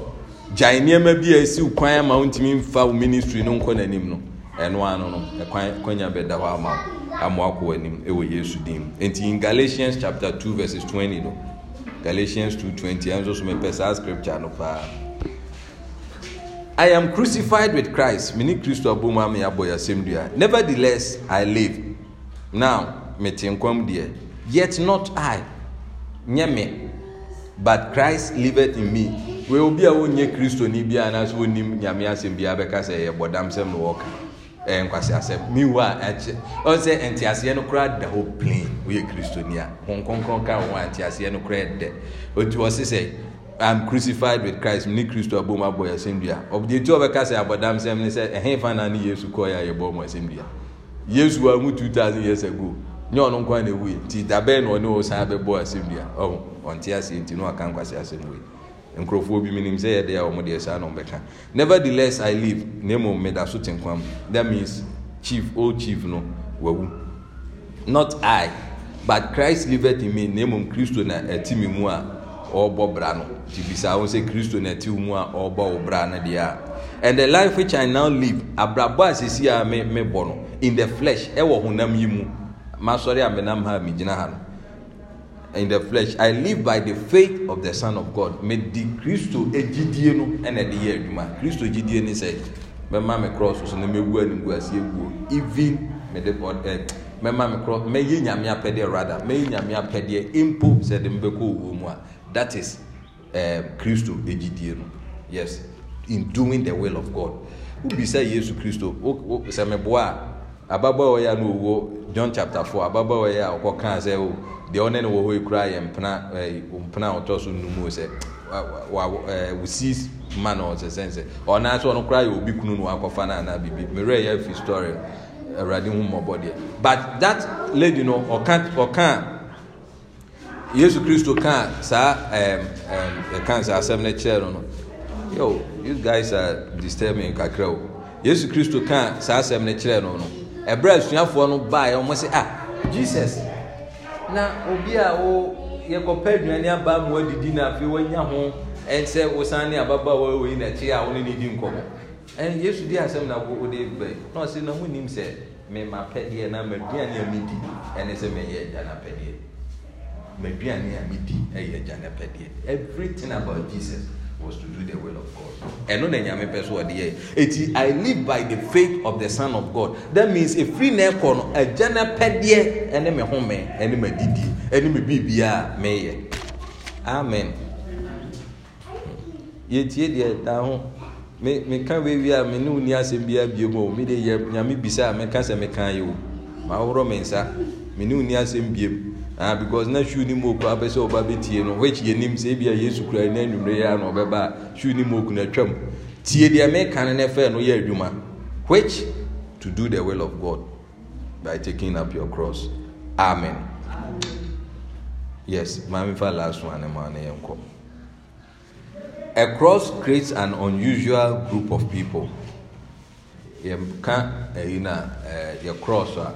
gyae nnoɔma bi a ɛsi wo kwan ama wontumi mfa wo ministry no nkɔ noanim no ɛno ano no ɛkwanya bɛda hɔ ama wo amoakɔ w'anim ɛwɔ yesu din mu nti in galatians chapter two, verses twenty. no galatians 2:20 ɛnso so mepɛ saa scripture no paa I am crucified with Christ. Mini abu abomu ami abo ya same Nevertheless, I live. Now, mete nkwam deɛ. Yet not I, nye me, but Christ liveth in me wei obi a wonyɛ kristoni bi anaasɛ wonim nyame asɛm biaa bɛka sɛ ɛyɛ bɔdam sɛm no wɔka ɛyɛ nkwasi asɛm miwu a ɛkyɛ ɔn sɛ nteaseɛ no koraa da hɔ plain woyɛ kristoni a wɔn kɔnkɔn ka wɔn a nteaseɛ no koraa ɛdɛ otu ɔsi sɛ i'm crucified with christ ne kristo abom abɔ ɛsɛm dua ɔbɛdi etu ɔbɛka sɛ abɔdam sɛm ne sɛ ɛhɛn fa naa yesu kɔɔ yɛ a yɛbɔ ɔmo ɛsɛm dua yesu wa mu two thousand years ago nye ɔno nkwa na ewu yɛ ti dabɛn na ɔne ɔsan abɛbɔ ɛsɛm dua ɔmo ɔnte aseɛ nti no ɔka nkwasi asɛm wei nkurɔfoɔ bi minim sɛ yɛde a wɔn deɛ saa na wɔbɛka nevertheless i live na mmom meda so te nkwa that means chief old chief no wawu not i but christ liveth in me na mmom kristo na ɛte mi mu a ɔrebɔ bra no ti bisa wɔn sɛ kristo na ɛte mu a ɔrebɔ wɔ bra no deɛ a and the life which i now live abrabɔ a sisi a me me bɔ no in the flesh ɛwɔ honam yi mu masɔre a menam ha a megyina ha no in the flesh i live by the faith of the son of god mede kristo gyidie no na ɛde yɛ adwuma Christo gyidie ne sɛ mɛma me cross so na mɛwu animgu aseɛ guo even mede ɛ eh, mɛma me cross mɛyɛ nyame apɛdeɛ rather mɛyɛ nyame apɛdeɛ mpo sɛ de mbɛkɔ owó mu a that is eh, Christo uh, gyidie no yes in doing the will of god wobisa yesu O sɛ meboa a ababaawa yɛ a na owó john chapter four ababaawa yɛ a ɔkɔ kan sɛ o. Oh, deɛ ɔne no wɔ hɔ ekura yɛ mpena ɛɛ eh, mpena a ɔtɔ so num o sɛ wa ɛɛ wosi eh, ma na ɔsɛ sɛn sɛ ɔnan so ɔno kura yɛ obi kunu na wakɔfa na ana bibi mmerɛ yɛ fi story awurade hu mmɔbɔ deɛ but that lady no ɔka ɔka yesu kristo kaa saa ɛɛm ɛɛm ɛka saa asɛm no kyerɛ no no yo you guys are disturbing kakra o yesu kristo kaa saa asɛm no kyerɛ no no ɛbrɛ asuafoɔ no baa yɛ wɔn sɛ ah jesus na obi a wo yɛkɔpɛ aduane aba mu adidi na afei wanya ho ɛnsɛ wosan ne ababaawa wei n'akyi a wone ne di nkɔmmɔ ɛn yesu di asɛm na wode bɛ na ɔse na monim sɛ mema pɛdeɛ na maduane a medi ɛne sɛ meyɛ agya no pɛdeɛ maduane a medi ɛyɛ agya no pɛdeɛ everything about jesus was to do the will of God. ɛno na nyame pɛ so ɔde yɛ i live by the faith of the son of god that means efiri na ɛkɔ no ɛgya na pɛdeɛ ɛne me home ɛne me didi ɛne me biribiara meyɛ amen yɛtie deɛ da ho me meka weewie a me ne wo ni asɛm biara mu o me de yɛ nyame bisa a meka sɛ meka yɛ o ma worɔ me nsa me ne wo ni asɛm bie mu. ah because na shoe ni mu oku abɛ ah, sɛ ɔba bɛtie no which yɛ nim sɛ ebi a yesu kura ne anwummerɛ yɛ ano ɔbɛba a shoe ni mu oku na twam tie deɛ meka no ye adwuma which to do the will of God by taking up your cross amen, amen. yes maame fa last one ne maa ne a cross creates an unusual group of people yɛn ka ɛyi eh, na ɛɛ eh, yɛ cross a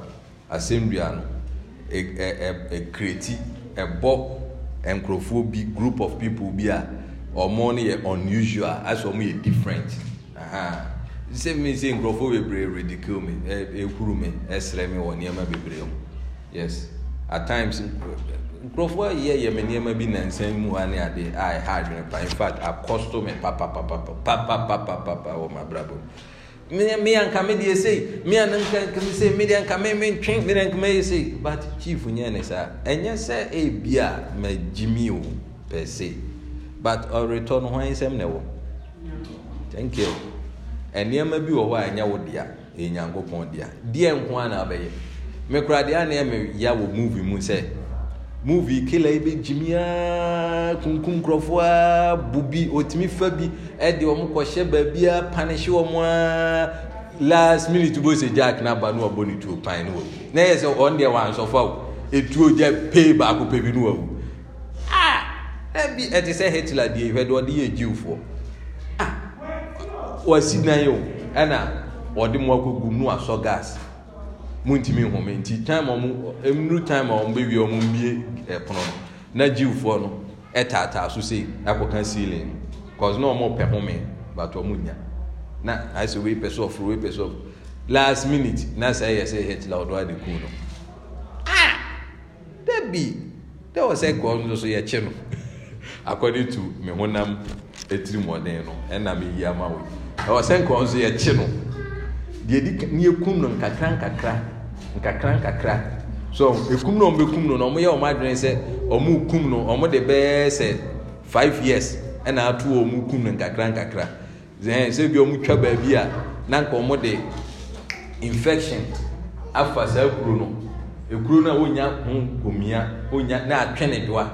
asɛm no. ɛkreti ɛbɔ nkurɔfoɔ bi group of people bi a wɔn no yɛ unusual asɛ wɔn yɛ different sɛ mi sɛ nkurɔfoɔ bebree ridicule mi ɛhuru mi ɛsrɛ mi wɔ nneɛma bebree mu yes at times nkurɔfoɔ yɛ yɛ mi nneɛma bi nansan mu ha ne ade a ɛha adwene pa in fact akɔstɔ mi papapapapapapapa wɔ mu abrabɔ mu me anka me deɛ sei me a nka me sei me deɛ anka me me ntwe me deɛ anka me yɛ sei but chief nyɛ ne saa ɛnyɛ sɛ ebi a ma gyi mi o per se but ɔretɔ no hwan nsɛm na ɛwɔ thank you nneɛma bi wɔ hɔ a ɛnyɛ wo dea ɛyɛ e nyankopɔn dea deɛ nko ara na abɛyɛ me kura deɛ a na ɛmɛ ya wɔ movie mu sɛ movie kela yi bɛ gyimia ah, kunkun nkurɔfoɔ ah, bubi Otimi, fa bi ɛde wɔn kɔhyɛ baabi a ah, panihye wɔn a last minute bó se jack n'aba ní ɔbɔ ne e, tuo pan ne wɔ mu na yɛ sɛ ɔn deɛ wɔn ansɔfo awo etuo gya pay baako pɛ bi ne wɔ mu a ɛbi ɛte sɛ hitler deɛ ihwɛ deɛ ɔde yɛ jiwfoɔ a wɔsi nan yi o ɛna wɔde mu akɔ gum no asɔ gas muntimi nhome nti time a ɔmo emuru time a ɔmo bɛwie ɔmo mbie ɛpono eh, no na eh, jiwfoɔ no ɛtaataa so sei akɔka ceiling no cause na ɔmo pɛ home but ɔmo nya na ayɛsɛ wei pɛ so ɔforo wei pɛ so ɔforo last minute na sɛ ɛyɛ sɛ ɛyɛ kyerɛ ɔdo adi kun no ah debi de wɔ sɛ kɔɔ no so yɛ kye no according to me honam etirimɔden no ɛna eh, me yi ama wei ɛwɔ sɛ nkɔɔ no so yɛ kye no. deɛni yɛkum no nkakrankakra nkakrankakra so ɛkum no ɔmbɛkum no no ɔmoyɛ ɔm adwene sɛ ɔmokum no ɔmode bɛɛ sɛ 5 years ɛna ato ɔ mu kum no nkakrankakra sɛ bia ɔmtwa baabi a na nka ɔmode infection afa saa kuro no ɛkuro no a wɔnya ho komia ɔnya na atwene doa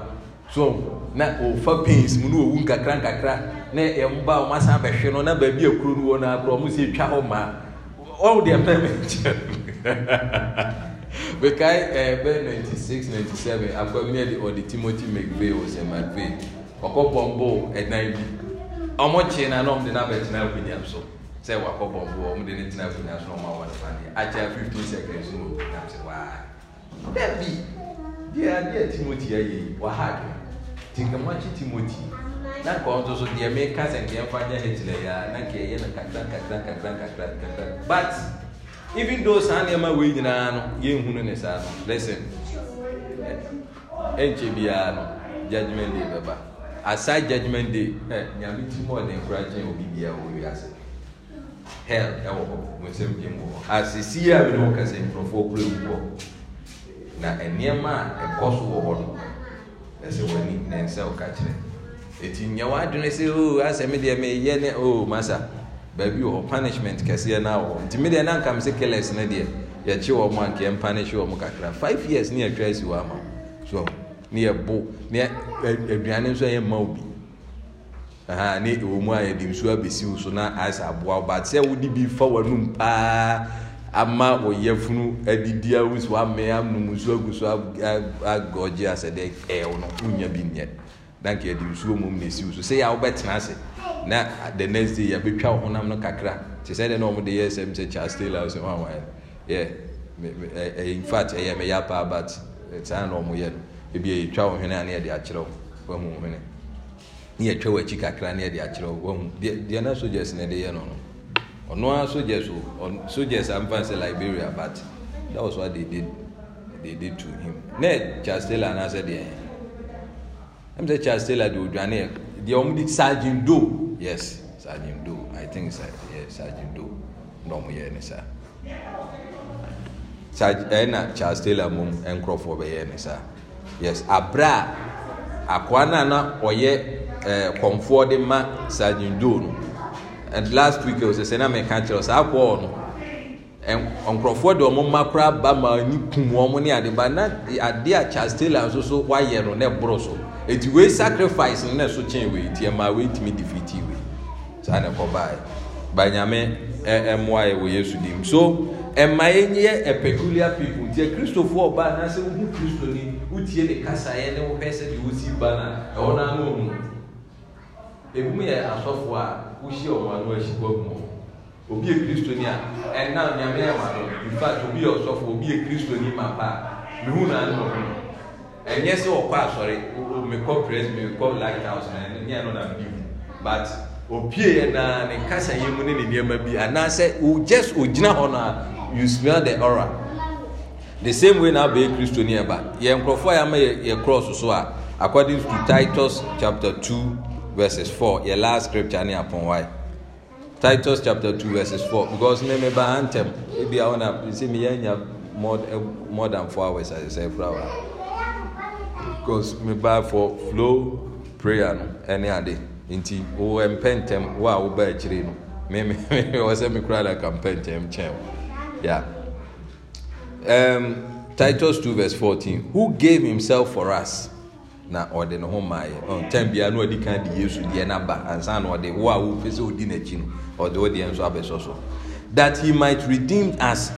so na ɔfa pans mu ne ɔwu nkakrankakra ne ɛmba ɔmasan bɛhwe no na baabi akuro no wɔ no akorɔ ɔmo sɛ ɛtwa hɔ maa Eh, all deɛ pɛ bɛ nkyɛn bekae ɛɛ bɛyɛ ninety six ninety seven akwamina de ɔde timothy mcveigh ɔsɛ mcveigh ɔkɔ bɔnbɔ ɛdan bi ɔmo kye na na ɔmo de n'abɛ tena akonya so sɛ wakɔ bɔnbɔ ɔmo de ne tena akonya so na ɔmo awɔ ne fa deɛ fifteen seconds na ɔmo nam sɛ waa dɛbi timothy ayɛ yi waha adwene tinkamakye timothy. na nka ɔno nso deɛ meka sɛ nka yɛmfa nyɛ hitler yɛ na nka yɛyɛ no kakra kakra kakra kakra kakra but even though saa nneɛma wei nyinaa no yɛnhunu ne saa no listen ɛnkyɛ eh, biara no judgement day bɛba aside judgement day ɛ eh, nyame ti mu ɔde nkura kyɛn obi biara wɔ wiase hell ɛwɔ hɔ mo nsɛm gyem wɔ hɔ asisi a bi ne mo kasa nkurɔfoɔ kura ewu hɔ na nneɛma a ɛkɔ so wɔ hɔ no ɛsɛ wɔ ni ne nsa ɔka kyerɛ. ɛti nyɛ w'adwene sɛ o oh, asɛ me deɛ meyɛ ne o oh, masa baabi wɔ punishment kɛseɛ no wɔ nti me deɛ na nka me sɛ killers no deɛ yɛkye wɔ mo anka yɛmpanish wɔ mo kakra five years ne yɛtwa asi wɔ ama so ne yɛbo ne e, aduane nso a yɛmma wo bi ne ɛwɔ mu a yɛde nsuo abɛsiw so na ayɛ sɛ aboa wo but sɛ wode bi fa w'anum paa ama ɔyɛfunu adidi awo nso amɛ amunum agu so agɔgye asɛ dɛ ɛɛw no wonya bi nyɛ Thank you. yɛde nsuo mom na ɛsiw so sɛ yɛ a wobɛtena ase na uh, the next day yɛbɛtwa wo honam no kakra te sɛ deɛ na ɔmde yɛ sɛm sɛ charles taylor sɛ wawaɛ no infact ɛyɛ meyɛ paa but eh, saa na ɔmoyɛ no ebi eh, yɛtwa wo hwene a ne yɛde akyerɛ wo wahu wo hwene ne yɛtwa wo akyi kakra ne yɛde akyerɛ wo wahu deɛ na soldiers ne de yɛ no no ɔno ara soldiers o soldiers amfa sɛ liberia but that was what they did they did to him na charles taylor anaasɛ deɛ I'm say Charles Taylor dey odwane the omudi Sergeant Doe yes Sergeant Doe I think it's yeah, Sergeant Doe eh, na ɔmo yɛ ne saa ɛna Charles Taylor mom nkorɔfoɔ bɛyɛ ne saa yes abira akwa na na ɔyɛ ɛɛ kɔnfoɔ de ma Sergeant Doe no and last week ɔsɛ sɛ na mɛka kyerɛ saa akɔɔ no nkurɔfoɔ de wɔn mma koraa ba ma ni kum wɔn ne ade na ade a Charles Taylor nso so wayɛ no na ɛboro so ɛti wei sacrifice no ne so kyee wei nti ɛmaa e weitumi de fiti wei saa ne kɔbaɛ e. ba nyame ɛmoaeɛ e, wɔ yesu dim so ɛma yɛnyɛ a peculiar people nti akristofoɔ ɔba anaasɛ wohu kristoni wotie ne kasaeɛ ne wohwɛ sɛdeɛ wosi ba no a ɛwɔ no ano ɔmu ɛbimu yɛ asɔfoɔ a wohyia ɔmo ano ahyi kɔ agu hɔ obi yɛ kristoni a ɛnam nyame yɛ ma no in fact obi yɛ ɔsɔfoɔ obi yɛ kristoni ma pa a mehu no ano ɔmo ɛnyɛ sɛ ɔkɔ asɔre mekɔ press mi mekɔ light house na ɛno nyɛ no na mu but opie yɛ na ne kasa yɛ mu ne ne nneɛma bi anaasɛ o just o gyina hɔ na you smell the aura the same way na abɛɛ kristo ni ɛba yɛ nkurɔfoɔ yɛ ama yɛ cross so a according to titus chapter two verses four yɛ last scripture ne apɔnwae titus chapter two verses four because me me ba antem ebi a wɔn na sɛ me yɛ nya more eh, more than four hours a yɛ sɛ efura because meba for flow prayer no ɛne ade nti wo mpɛ ntɛm wo a woba akyire no wɔ sɛ me kora daka mpɛ ntɛm kyɛn ya um, titus two verse fourteen. who gave himself for us na ɔde ne ho maayɛ ɔntan biara na ɔde kan de yesu deɛ ba ansa na ɔde wo a wofɛ sɛ odi n'akyi no ɔde wo deɛ nso abɛsɔ so that he might redeem us